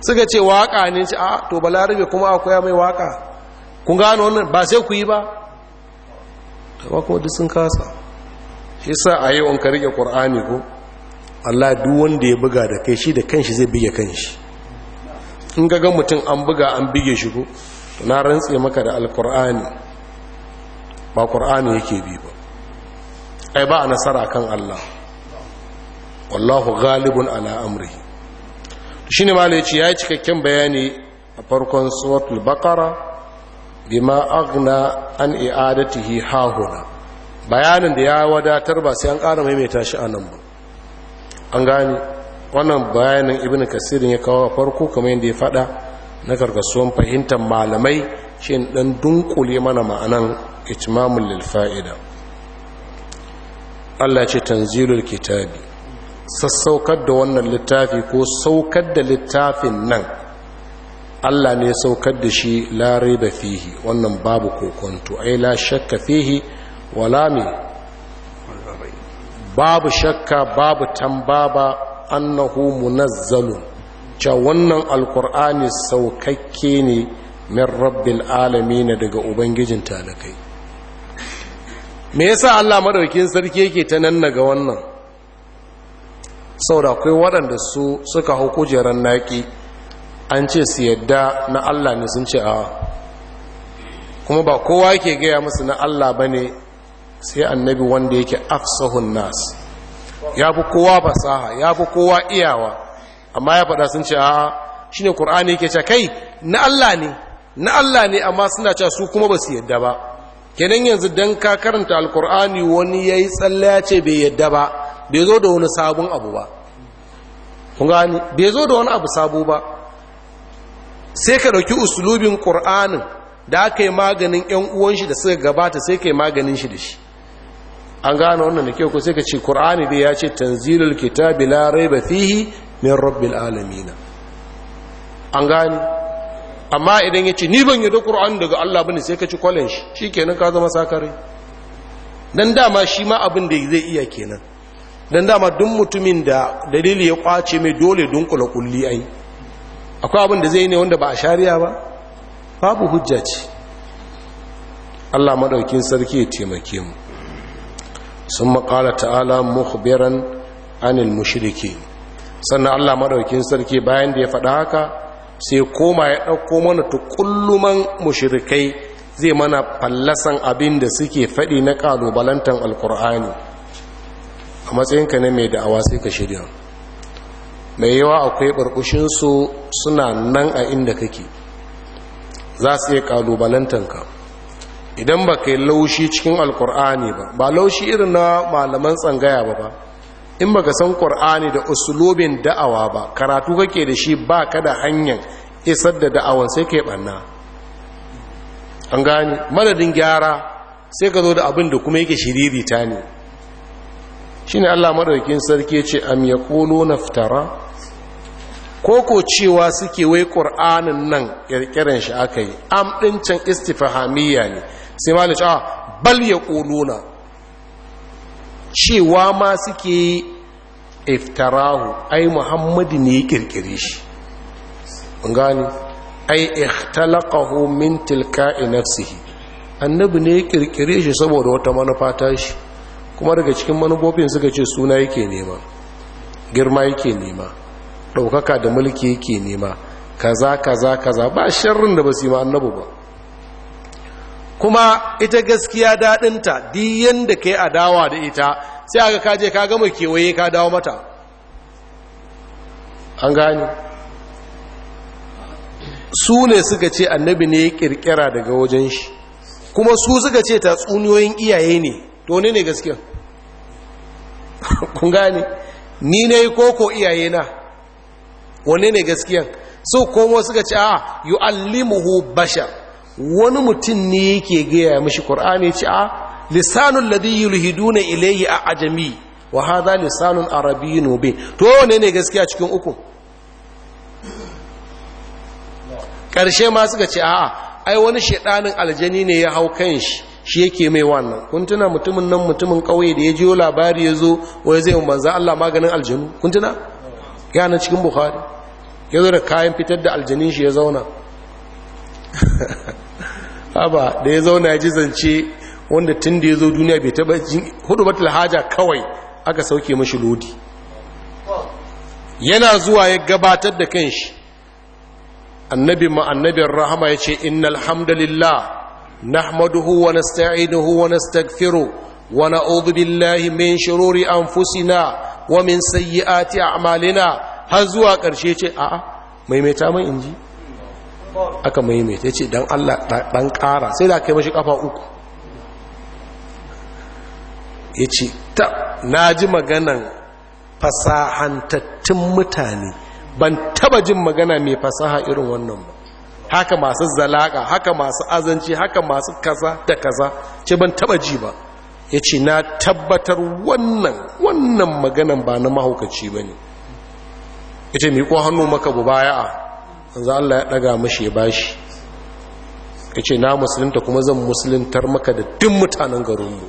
suka ce waka ne ce a to balarabe kuma a koya mai waka kun gano wannan ba sai ku yi ba ta kuma duk sun kasa shi sa a yau ka riƙe ƙor'ani ko Allah duk wanda ya buga da kai shi da kanshi zai bige kanshi in ga mutum an buga an bige shi ko na rantse maka da alƙor'ani ba ƙur'ani yake bi ba ai ba a nasara kan Allah wallahu galibin ala amri. amrihi shine malai ya yi cikakken bayani a farkon suratul Baƙara? bima agna an i'adatihi hahuna bayanin da ya wadatar ba sai an ƙara maimaita shi a nan ba an gane wannan bayanin ibn kasirin ya kawo farko kamar yadda ya faɗa na karkasuwan fahimtar malamai shi ɗan dunkule mana ma'anan itimamun lilfa'ida allah ce tanzilul kitabi sassaukar da wannan littafi ko saukar da littafin nan allah ne saukar da shi lare da fihi wannan babu kokonto ai la shakka fihi Walami babu shakka babu tambaba annahu munazzalun cewa wannan alkur'ani saukakke ne min rabbil alamin daga ubangijin talakai me yasa Allah madaukin sarki yake ta nan ga wannan saboda akwai waɗanda su suka hau kujerar naki an ce su yadda na Allah ne sun ce a kuma ba kowa yake gaya musu na Allah ba ne sai annabi wanda yake afsahun nas ya fi kowa fasaha ya fi kowa iyawa amma ya faɗa sun ce a shi ne ƙur'ani yake ce kai na Allah ne na Allah ne amma suna ce su kuma ba su yadda ba kenan yanzu don ka karanta alƙur'ani wani ya yi tsalle ya ce bai yadda ba bai zo da wani sabon abu ba bai zo da wani abu sabo ba sai ka ɗauki usulubin ƙur'anin da aka yi maganin 'yan uwan shi da suka gabata sai ka yi maganin shi da shi an gane wannan da kyau ko sai ka ce qur'ani dai ya ce tanzilul kitabi la ba fihi min rabbil alamin an gane amma idan ya ce ni ban da qur'ani daga Allah bane sai ka ci kwalen shi shikenan ka zama sakare dan dama shi ma abin da zai iya kenan dan dama duk mutumin da dalili ya kwace mai dole dunkula kulli ai akwai abin da zai ne wanda ba a shari'a ba babu hujja ce Allah madaukin sarki ya taimake mu sun maƙala ta'ala muhbiran anil mushiriki. sannan allah maɗaukin sarki bayan da ya faɗa haka sai koma ya ɗauko mana tukulluman mushirikai zai mana fallasan abin da suke faɗi na ƙalubalantar alkur'ani a matsayinka ne mai da'awa sai ka shirya mai yawa akwai ɓarɓushinsu suna nan a inda kake za su iya ka. idan ba ka yi laushi cikin alkur'ani ba ba laushi irin na malaman tsangaya ba ba in ba ka san kur'ani da usulobin da'awa ba karatu kake da shi ba ka da hanyar isar da da'awan sai ka yi ɓanna an gani madadin gyara sai ka zo da abin da kuma yake shiririta ne shi ne allah madaukin sarki ce am ya na naftara ko ko cewa suke wai ƙur'anin nan ƙirƙirin shi aka yi am ɗincin istifahamiyya ne sai ma cewa ah, bal ya ƙuluna cewa ma suke iftarahu ai muhammadu ne ya ƙirƙiri shi gani ai ikhtalaqahu min tilka'i nafsihi annabi ne ya ƙirƙire shi saboda wata manufa ta shi kuma daga cikin manufofin suka ce suna yake nema girma yake nema ɗaukaka da mulki yake nema kaza kaza kaza ba shirin da ba su yi annabu ba kuma ita gaskiya daɗinta diyan da ka yi adawa da ita sai aka kaje ka gama kewaye ka dawo mata an gani su ne suka ce annabi ne ya ƙirƙira daga wajen shi kuma su suka ce ta tsuniyoyin iyaye ne to ne ne gaskiya kun gane ni ne koko iyaye na wane ne gaskiyan so komo suka ce a alimuhu bashar wani mutum ne yake gaya mishi ƙor'ani ce a lisanul ladhi yulhiduna ilayi a ajami wa hadha lisanun arabi nobe to wane ne gaskiya cikin uku karshe ma suka ce a ai wani shaɗanin aljani ne ya hau kan shi shi yake mai wannan kun tuna mutumin nan mutumin ƙauye da ya jiyo labari ya zo wai zai manza Allah maganin aljanu kun yana cikin bukhari ya zo da kayan fitar da aljanin shi ya zauna haba da ya zauna ya ji zance wanda tun da ya zo duniya bai taba hudu batul haja kawai aka sauke mashi lodi yana zuwa ya gabatar da kanshi annabi ma annabin rahama ya ce innal hamdalillah nahmaduhu wa nasta'inuhu wa nastaghfiruh wa na'udhu billahi min shururi anfusina wa min sayyi'ati a'malina har zuwa ƙarshe ce a'a maimaita mai inji aka maimaita ya ce don Allah ɗan ƙara sai da kai mashi kafa uku ya ce ta na ji maganan fasahantattun mutane ban taba jin magana mai fasaha irin wannan ba haka masu zalaka haka masu azanci haka masu kaza da kaza ce ban taba ji ba ya ce na tabbatar wannan wannan maganan ba na mahaukaci ba ne ya ce miƙo hannu maka bu a za Allah ya ɗaga mashi ya bashi ya ce na musulunta kuma zan musuluntar maka da duk mutanen garinmu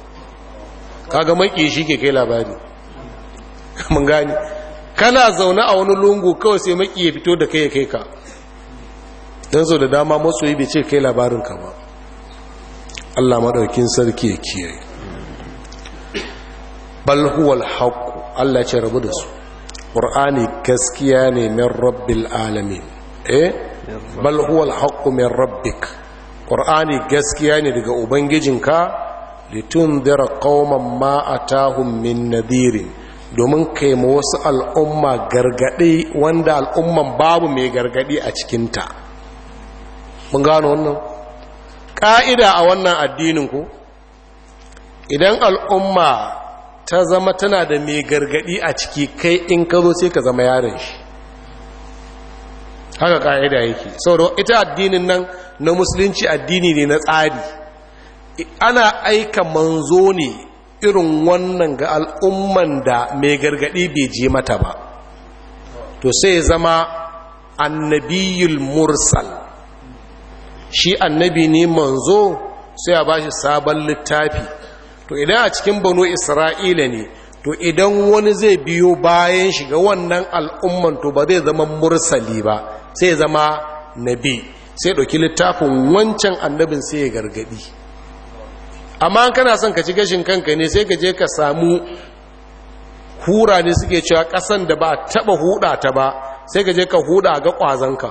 kaga maƙi shi ke kai labari mun gani kana zaune a wani lungu kawai sai maƙi ya fito da kai ya kai ka don sau da dama masoyi bai ce kai labarinka ba Allah maɗaukin sarki ya kiyaye bal al haqq Allah ce rabu da su ƙur'ani gaskiya ne min rabbil alamin eh bal al haqq min rabbik ƙur'ani gaskiya ne daga ubangijinka litundira qauman ma atahum min nadirin domin kai ma wasu al'umma gargade, wanda al'umman babu mai gargade a cikinta mun gano wannan ka'ida a wannan addinin ku idan al'umma ta zama tana da mai gargadi a ciki kai in ka zo sai ka zama yaron shi haka ka'ida yake saboda ita addinin nan na musulunci addini ne na tsari ana aika manzo ne irin wannan ga al'umman da mai gargadi bai je mata ba to sai zama annabiyul mursal shi annabi ne manzo sai a ba shi sabon littafi to idan a cikin banu isra'ila ne to idan wani zai biyo bayan shiga wannan al'umman to ba zai zama mursali ba sai zama nabi sai ɗauki littafin wancan annabin sai ya gargadi amma kana son ka ci gashin kanka ne sai ka je ka samu hura ne suke cewa ƙasan da ba a taɓa huda ta ba sai ka je ka huda ga ƙwazonka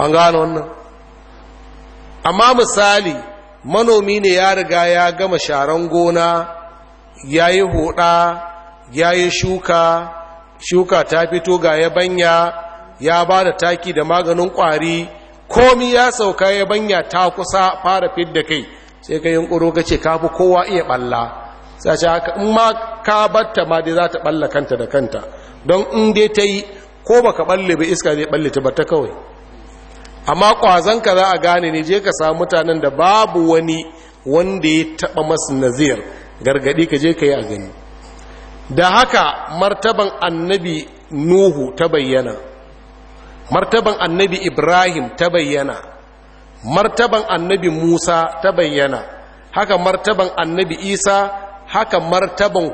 an gano wannan amma misali manomi ne ya riga ya gama sharan gona ya yi huɗa ya yi shuka shuka ta fito ga ya banya ya ba da taki da maganin ƙwari komi ya sauka ya banya ta kusa fara fidda kai sai ka yin ƙuro ka ce kafi kowa iya ɓalla sace haka in ma ka batta ma dai za ta ɓalla kanta da kanta don in dai ta yi ko ba ka ɓalle ba iska zai ɓalle ta ba ta kawai amma kwazanka za a gane ne je ka samu mutanen da babu wani wanda ya taɓa masu nazir gargaɗi ka je ka yi a gani da haka martaban annabi nuhu ta bayyana martaban annabi ibrahim ta bayyana martaban annabi musa ta bayyana haka martaban annabi isa haka martaban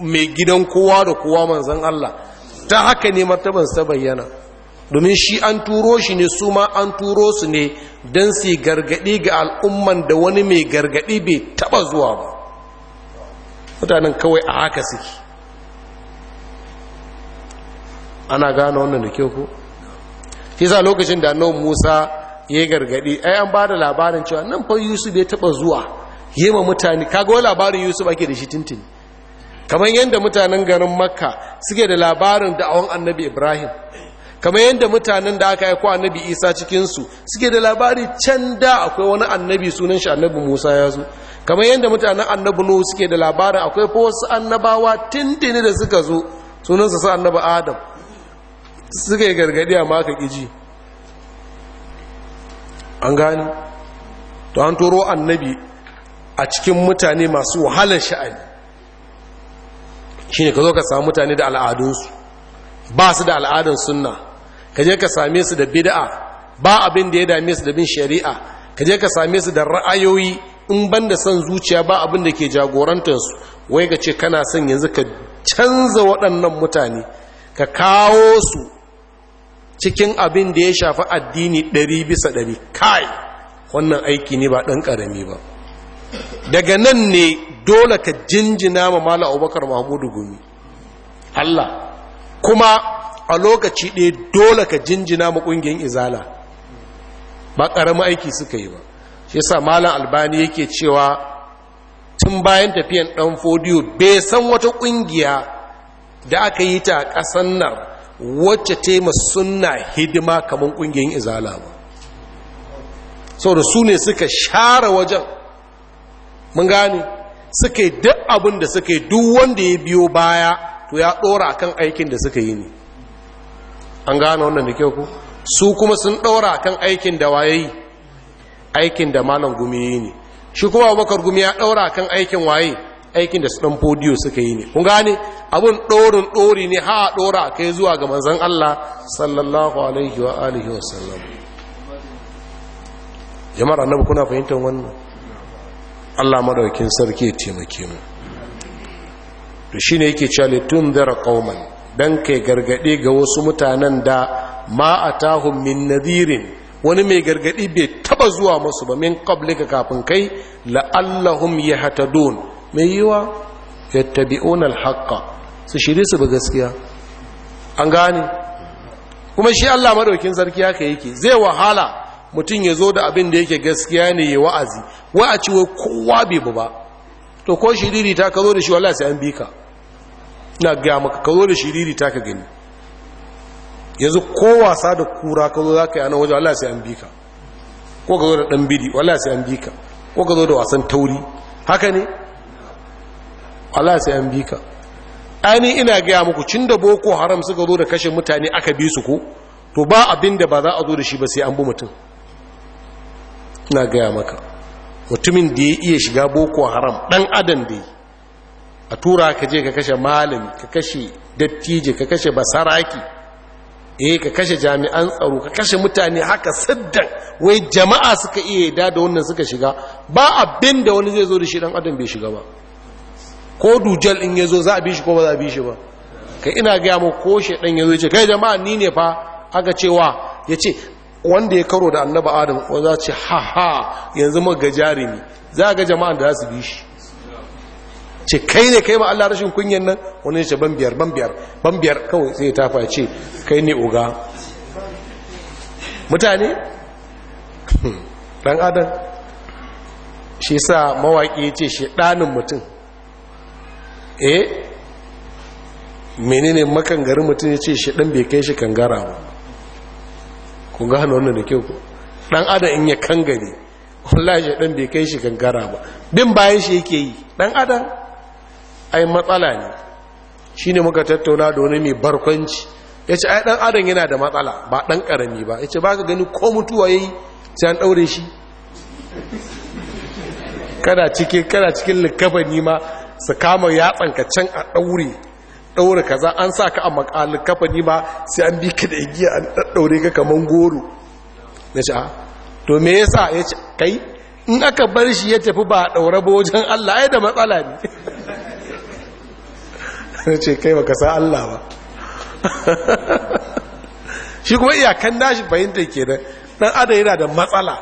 mai gidan kowa da kowa manzan allah ta haka ne martaban ta bayyana domin shi an turo shi ne su ma an turo su ne don su gargaɗi ga al'umman da wani mai gargaɗi bai taɓa zuwa ba mutanen kawai a haka suke ana gane wannan da kyau ko kisa lokacin da annabi Musa ya yi gargadi ai an bada labarin cewa nan fa Yusuf ya taɓa zuwa yi ma mutane kaga wani labarin Yusuf ake da shi tintin kamar yadda mutanen garin Makka suke da labarin da'awan annabi Ibrahim kamar yadda mutanen da aka haiku annabi isa cikinsu suke da labari can da akwai wani annabi sunan shi annabi musa ya zo kamar yadda mutanen annabi nuhu suke da labarin akwai fa wasu annabawa tintini da suka zo sunansa su annabi adam suka yi gargadi a maka ƙiji an gani to an toro annabi a cikin mutane masu wahalar sha'ani shine ka zo ka samu mutane da al'adunsu ba su da al'adun sunna ka je ka same su da bida'a ba abin da ya dame su da bin shari'a ka je ka same su da ra'ayoyi in ban da son zuciya ba abin da ke jagorantarsu wai ka ce kana son yanzu ka canza waɗannan mutane ka kawo su cikin abin da ya shafi addini ɗari bisa ɗari kai wannan aiki ne ba ɗan ƙarami ba daga nan ne dole ka jinjina ma mala abubakar mahmudu gumi allah kuma a lokaci ɗaya dole ka jinjina ma ƙungiyar izala ba ƙaramin aiki suka yi ba shi sa malam albani yake cewa tun bayan tafiyan ɗan fodiyo bai san wata ƙungiya da aka yi ta a ƙasan nan wacce ta yi hidima kamar ƙungiyar izala ba saboda su ne suka share wajen mun gane suka yi duk abin da suka yi duk wanda ya biyo baya to ya ɗora akan aikin da suka yi ne an gane wannan da kyau ku su kuma sun ɗaura kan aikin da waye aikin da malam gumi yi ne shi kuma abubakar gumi ya ɗaura kan aikin waye aikin da su ɗan fodiyo suka yi ne kun gane abin ɗorin ɗori ne ha ɗora kai zuwa ga manzan allah sallallahu alaihi wa alihi wa sallam jama'ar annabi kuna fahimtar wannan allah madaukin sarki ya taimake mu to shine yake cewa litun dara qauman Dan kai gargaɗe ga wasu mutanen da ma a tahun min nadirin wani mai gargaɗi bai taba zuwa masu ba min ƙablika kafin kai la'allahum ya don, mai yiwa ya tabi'un su shirye su ba gaskiya an gane kuma shi allah maɗaukin sarki haka yake zai wahala mutum ya zo da abin da yake gaskiya ne ya wa'azi wai a kowa bai ba to ko shiriri ta ka zo da shi wallahi sai an bi ka ina gaya maka ka zo da shiriri ta ka gani yanzu ko wasa da kura ka zo za ka yi ana wajen Allah sai an bi ka ko ka zo da ɗan bidi Allah sai an bi ka ko ka zo da wasan tauri haka ne Allah sai an bi ka ani ina gaya muku cin da boko haram suka zo da kashe mutane aka bi su ko to ba abin da ba za a zo da shi ba sai an bi mutum ina gaya maka mutumin da ya iya shiga boko haram ɗan adam dai. a tura ka je ka kashe malami ka kashe dattije ka kashe basaraki eh ka kashe jami'an tsaro ka kashe mutane haka saddan wai jama'a suka iya yada da wannan suka shiga ba abin da wani zai zo da shi dan adam bai shiga ba ko dujal in yazo za a bi shi ko ba za a bi shi ba kai ina ga mu ko dan yazo ce kai jama'a ni ne fa aka cewa yace wanda ya karo da annabi adam ko za ce ha ha yanzu mu ga jarimi za ga jama'an da za su bi shi ce kai ne kai ma Allah rashin kunyan nan wani ce ban biyar ban biyar ban biyar kawai sai ya tafa ce kai ne oga mutane dan adam shi sa mawaƙi ya ce shi ɗanin mutum eh menene makangari mutum ya ce shi ɗan bai kai shi kangara ba ku hannu wannan da kyau ku ɗan adam in ya kangare wallahi shi ɗan bai kai shi kangara ba bin bayan shi yake yi ɗan adam ai matsala ne shi ne muka tattauna da wani mai barkwanci ya ce ai ɗan adam yana da matsala ba ɗan ƙarami ba ya ce ba ka gani ko mutuwa ya yi sai an ɗaure shi kada cikin kada cikin ma su kama tsanka can a ɗaure ɗaure kaza an sa ka a likafani ma sai an bi ka da igiya an ɗaɗɗaure ka kamar goro na ah, to me sa ya ce kai in aka bar shi ya tafi ba a ɗaure ba wajen allah ai da matsala ne na ce kai baka sa Allah ba shi kuma iyakan nashi fahimta ke nan ɗan adam yana da matsala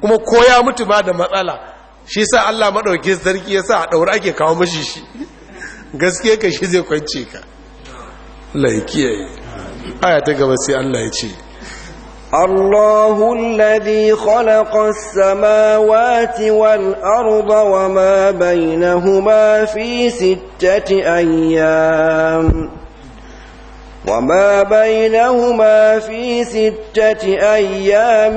kuma ko ya mutu ba da matsala shi sa Allah maɗauki sarki ya sa a ɗaura ake kawo mashi shi gaske ka shi zai kwance ka laikiyayi aya ta gaba sai Allah ya ce
الله الذي خلق السماوات والأرض وما بينهما في ستة أيام وما بينهما في ستة أيام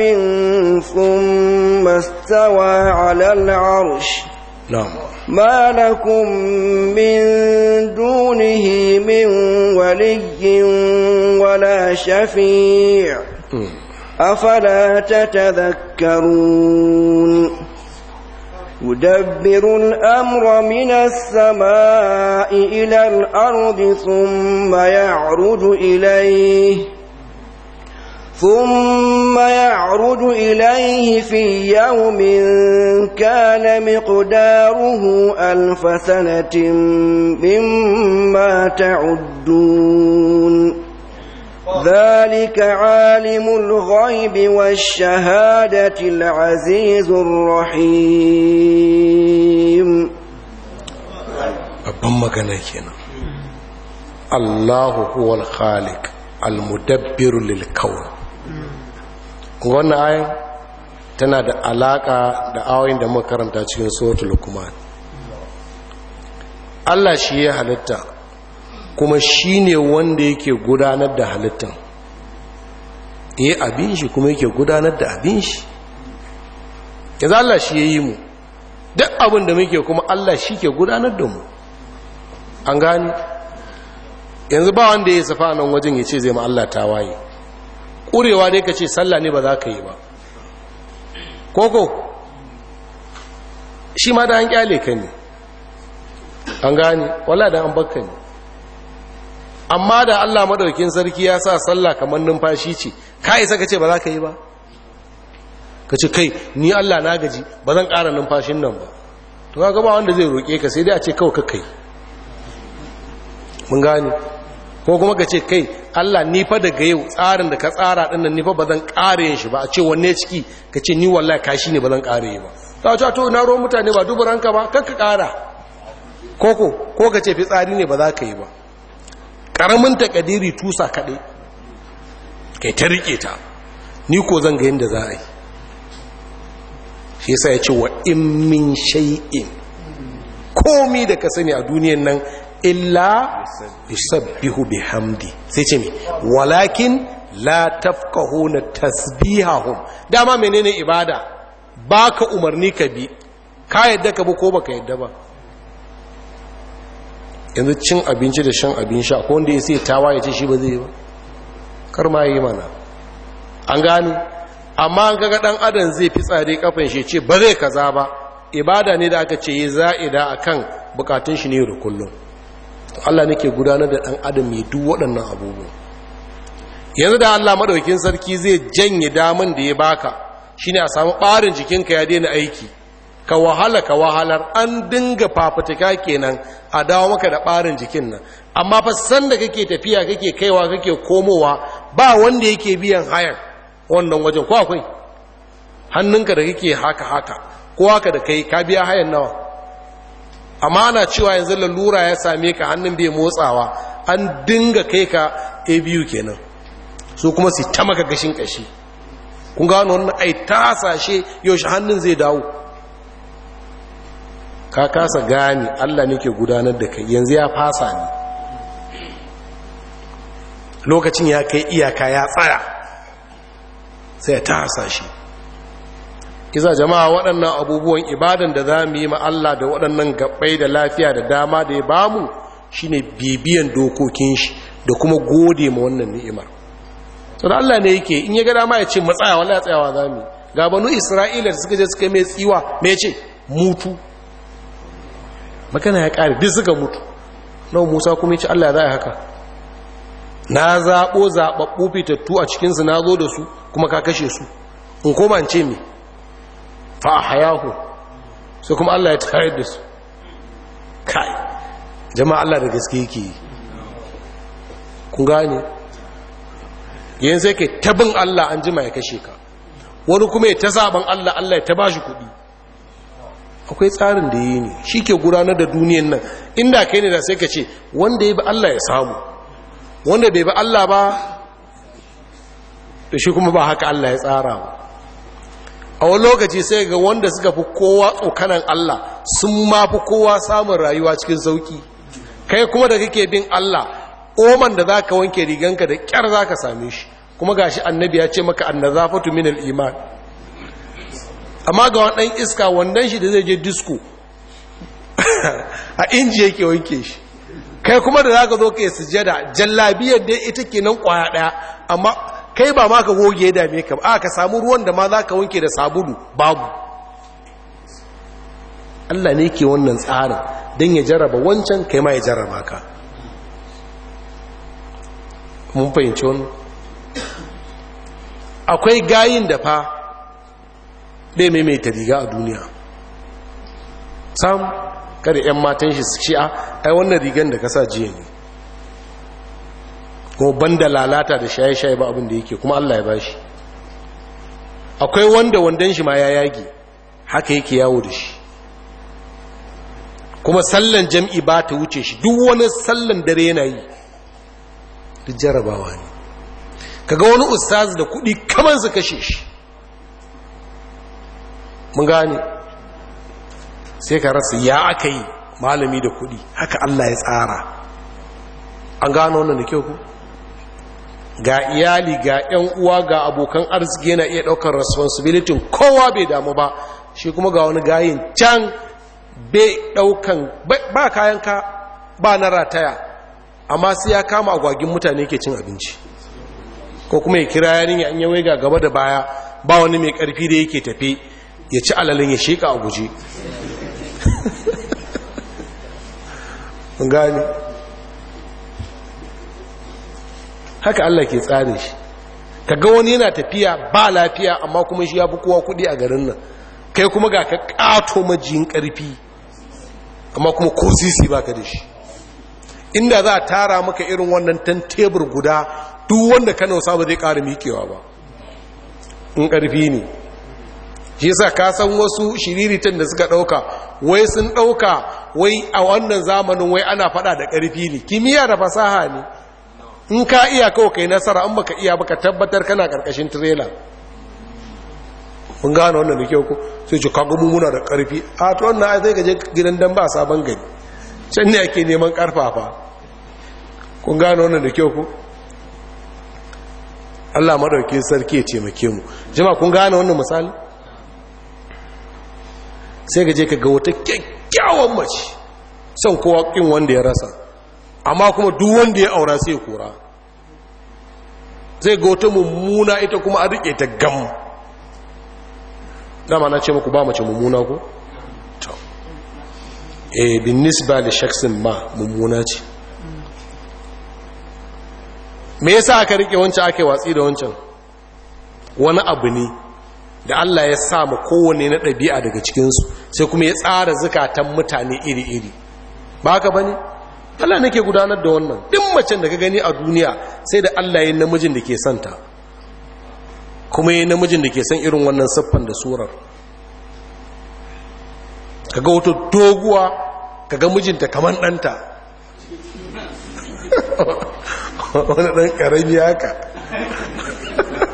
ثم استوى على العرش نعم ما لكم من دونه من ولي ولا شفيع أفلا تتذكرون يدبر الأمر من السماء إلى الأرض ثم يعرج إليه ثم يعرج إليه في يوم كان مقداره ألف سنة مما تعدون ذلك عالم الغيب والشهادة العزيز الرحيم
أبما كان هنا الله هو الخالق المدبر للكون wannan ayin tana da alaƙa da ayoyin da muka karanta cikin suratul luqman Allah shi ya halitta kuma shi ne wanda yake gudanar da halittan ya eh, abin shi kuma yake gudanar da abin shi ya za Allah shi ya yi mu duk abin da muke kuma Allah shi ke gudanar da mu an gani yanzu ba wanda ya safa nan wajen ya ce zai ma Allah ta waye. ƙurewa dai ka ce sallah ne ba za ka yi ba koko shi ma da an kyale ka ne an gani wala da an bakka ne amma da Allah madaukin sarki ya sa sallah kamar numfashi ce ka isa ka ce ba za ka yi ba ka ce kai ni Allah na gaji ba zan ƙara numfashin nan ba to ka gaba wanda zai roƙe ka sai dai a ce kawai ka kai mun gane ko kuma ka ce kai Allah ni fa daga yau tsarin da ka tsara din nan ni fa ba zan ƙare shi ba a ce wanne ciki ka ce ni wallahi kashi ne ba zan ƙare yi ba ta ce to na ruwan mutane ba ranka ba kanka ƙara koko ko ka ce fitsari ne ba za ka yi ba ƙaramin takadiri tusa kaɗai kai ta riƙe ta ni ko zan ga yadda za a yi shi yasa ya ce wa in min shay'in komi da ka sani a duniyan nan illa yusabbihu bihamdi sai ce mi walakin la na tasbihahum dama menene ibada baka umarni ka bi ka yadda ka bi ko baka yadda ba yanzu cin abinci da shan abin sha ko wanda ya sai tawa ya ce shi ba zai yi ba kar ma yi mana an gani amma an kaga dan adam zai fi tsare kafin shi ce ba zai kaza ba ibada ne da aka ce yi za'ida akan bukatun shi ne da kullum Allah nake gudanar da dan adam mai duk waɗannan abubuwa yanzu da Allah maɗaukin sarki zai janye daman da ya baka shine a samu ɓarin jikinka ya daina aiki ka wahala ka wahalar an dinga fafutuka kenan a dawo maka da ɓarin jikin nan amma fa sanda kake tafiya kake kaiwa kake komowa ba wanda yake biyan hayan wannan wajen ko akwai hannunka da kake haka haka ko haka da kai ka biya hayan nawa amma ana cewa yanzu lalura ya same ka hannun bai motsawa an dinga kai ka a biyu kenan su kuma su ta maka gashin kashi kun gano wannan ai tasashe yaushe hannun zai dawo ka kasa gane Allah ne ke gudanar da kai yanzu ya fasa ne lokacin ya kai iyaka ya tsaya sai ya tasa shi Kisa jama'a waɗannan abubuwan ibadan da za mu yi ma Allah da waɗannan gabbai da lafiya da dama da ya bamu shine bibiyan dokokin shi da kuma gode ma wannan ni'imar to Allah ne yake in ya ga dama ya ce matsaya ya tsayawa mu ga gabanu Isra'ila da suka je suka mai tsiwa me ce mutu magana ya ƙari duk suka mutu nau musa kuma ya ci allah za a haka na zaɓo zaɓaɓɓu fitattu a cikinsu na zo da su kuma ka kashe su in koma ce me fa a hayahu sai kuma allah ya tare da su kai jama'a allah da gaske yake yi kun gane yin sai ke tabin allah an jima ya kashe ka wani kuma ya ta zaɓen allah allah ya ta ba shi kuɗi akwai tsarin da ya yi ne shi ke gudanar da duniyan nan inda kai ne da sai ka ce wanda ya bi Allah ya samu wanda bai bi Allah ba da shi kuma ba haka Allah ya tsara ba a wani lokaci sai ga wanda suka fi kowa tsokanan Allah sun ma fi kowa samun rayuwa cikin sauki kai kuma da kake bin Allah oman da za ka wanke riganka da kyar za ka same shi kuma gashi annabi ya ce maka annazafatu min al-iman amma ga wani ɗan iska wandan shi da zai je disko a inji yake wanke shi kai kuma da za ka zo kai sujada jallabiyar dai ita kenan kwaya ɗaya amma kai ba ma ka goge da me ka a ka samu ruwan da ma za ka wanke da sabulu babu Allah ne ke wannan tsarin don ya jarraba wancan kai ma ya jarraba ka mun fahimci wani akwai gayin da fa bai maimaita riga a duniya sam kada 'yan matan shi su ce a ai wannan rigan da kasa jiya ne ko da lalata da shaye-shaye ba abin da yake kuma allah ya ba shi akwai wanda wandan shi ma ya yage haka yake yawo da shi kuma sallan jam'i ba ta wuce shi duk wani sallan dare yana yi duk jarabawa ne kaga wani ustaz da kuɗi kamar su kashe shi mun gane sai ka rasa ya aka yi malami da kudi haka Allah ya tsara an gano wannan da kyau ku ga iyali ga 'yan uwa ga abokan arziki yana iya ɗaukar responsibility kowa bai damu ba shi kuma ga wani gayin can bai ɗaukan ba kayan ka ba na rataya amma sai ya kama agwagin mutane ke cin abinci ko kuma ya kira yanin ya an yawai ga gaba da baya ba wani mai ƙarfi da yake tafi ya ci alalin ya shika a guji gani haka Allah ke tsare shi ga wani yana tafiya ba lafiya amma kuma shi ya fi kowa kudi a garin nan kai kuma ga ka kato majiyin karfi amma kuma ko sisi ba ka da shi inda za a tara maka irin wannan tan tebur guda duk wanda ka sabu ba zai ƙara mikewa ba in ƙarfi ne shi yasa ka san wasu shiriritin da suka dauka wai sun dauka wai a wannan zamanin wai ana fada da karfi ne kimiyya da fasaha ne in ka iya kawo kai nasara an baka iya baka tabbatar kana karkashin trailer Kun gane wannan da kyau ku sai ce kaga mummuna muna da karfi a to wannan ai sai ka je gidan dan ba sabon gari can ne ake neman karfafa kun gane wannan da kyau ku? Allah madauke sarki ya taimake mu jama'a kun gane wannan misali sai je ka ga wata kyakkyawan mace son kowa ƙin wanda ya rasa amma kuma duk wanda ya aura sai kura zai ga wata mummuna ita kuma a rike ta gam dama na ce muku ba mace mummuna ko to eh bin nisba da shaksin ma mummuna ce me yasa aka rike wancan ake watsi da wancan wani abu ne da Allah ya sa ma kowane na ɗabi'a daga cikinsu sai kuma ya tsara zukatan mutane iri-iri ba ka ba ne Allah nake gudanar da wannan ɗin macen da ka gani a duniya sai da Allah ya namijin da ke son ta. kuma ya namijin da ke son irin wannan siffan da surar ka ga wata doguwa ka ga mijinta kamar ɗanta wani ɗan ƙaramiya ka.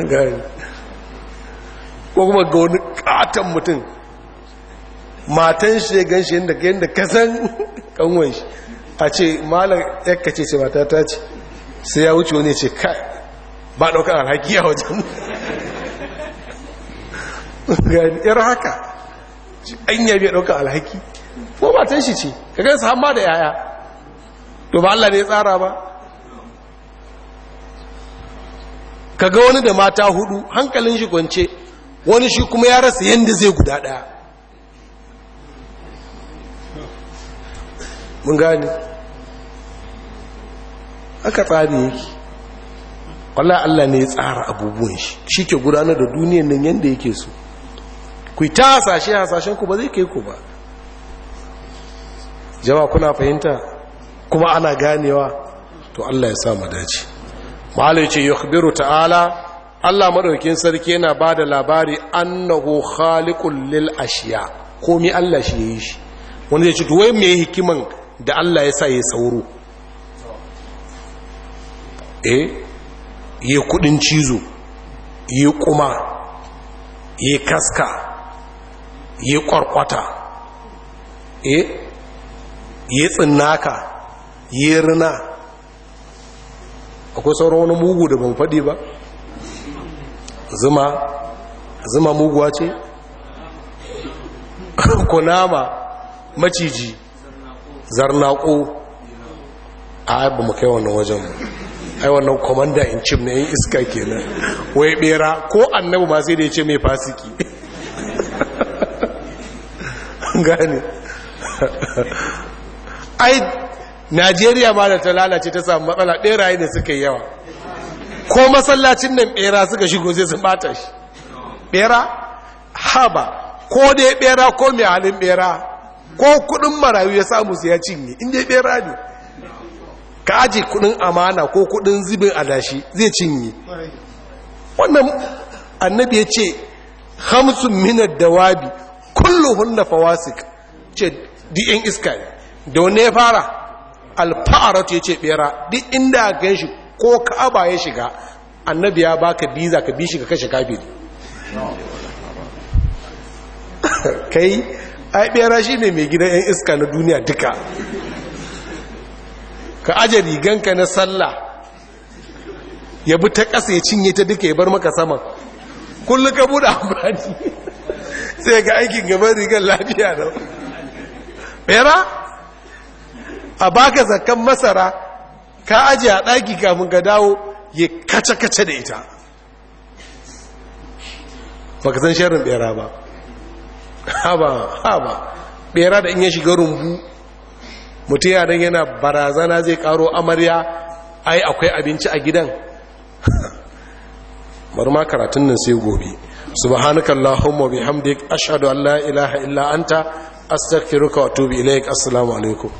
gani ko kuma ga wani katon mutum matan shi ya gan shi yadda kasan kanwai shi a ce malar yakka ce ce mata ta ce sai ya wuce wani ce kai ba daukar alhaki a wajen gani yar haka an yabi daukar alhaki ko matan shi ce ka gan su hamma da yaya to ba Allah ne ya tsara ba Ka ga wani da mata hudu hankalin shi kwance wani shi kuma ya rasa yadda zai guda daya mun gane aka tsari yake wallah Allah ne ya tsara abubuwan shi shi ke gudanar da duniyan nan yadda yake so ku ta hasashe hasashen ku ba zai kai ku ba jama kuna fahimta kuma ana ganewa to Allah ya sa mu dace malai ce yukhbiru ta'ala Allah madaukakin sarki yana da labari annahu khaliqul lil ashiya komai Allah shi yayi shi wanda ya ce duwai me hikiman da Allah ya sa ya sauro eh yi kudin cizo yi kuma yi kaska yi kwarkwata eh yi tsinnaka yi rina akwai sauran wani mugu da ban faɗi ba zuma zuma muguwa ce kunama maciji zarnako a ba mu kai wannan wajen ai wannan commander in chief ne iska kenan wai bera ko annabi ba sai da ce mai fasiki gani ai najeriya ma da ta lalace ta samu matsala ɓeraye da suka yi yawa ko masallacin nan ɓera suka shigo zai su ɓata shi ɓera haba ko dai ɓera ko mai halin ɓera ko kudin marayu ya samu su ya cinye inda ya ɓera ne ka aji kudin amana ko kudin zibin adashi zai cinye wannan annabi ya ce hamsun minar da dawabi kullum na fawasik ce di'in iska ne da wani ya fara alfa'aratu ya ce bera duk inda gan shi ko ka'aba ya shiga annabi ya baka biza ka bi shi ka kashe kafiri kai ai bera shi ne mai gidan 'yan iska na duniya duka ka aje riganka na sallah ya bi ta ƙasa ya cinye ta duka ya bar maka saman kullu ka buɗe amfani sai ga aikin gaban rigar lafiya da bera a baka zakan masara ka aji a ɗaki kamun ga dawo ya kaca kace da ita baka san shirin bera ba haba haba bera da in ya shiga rumbu mutum yaren yana barazana zai karo amarya ai akwai abinci a gidan marma karatun nan sai gobe subhanakallahumma bihamdik ashhadu an ila ilaha illa anta astaghfiruka wa atubu ilaik assalamu alaikum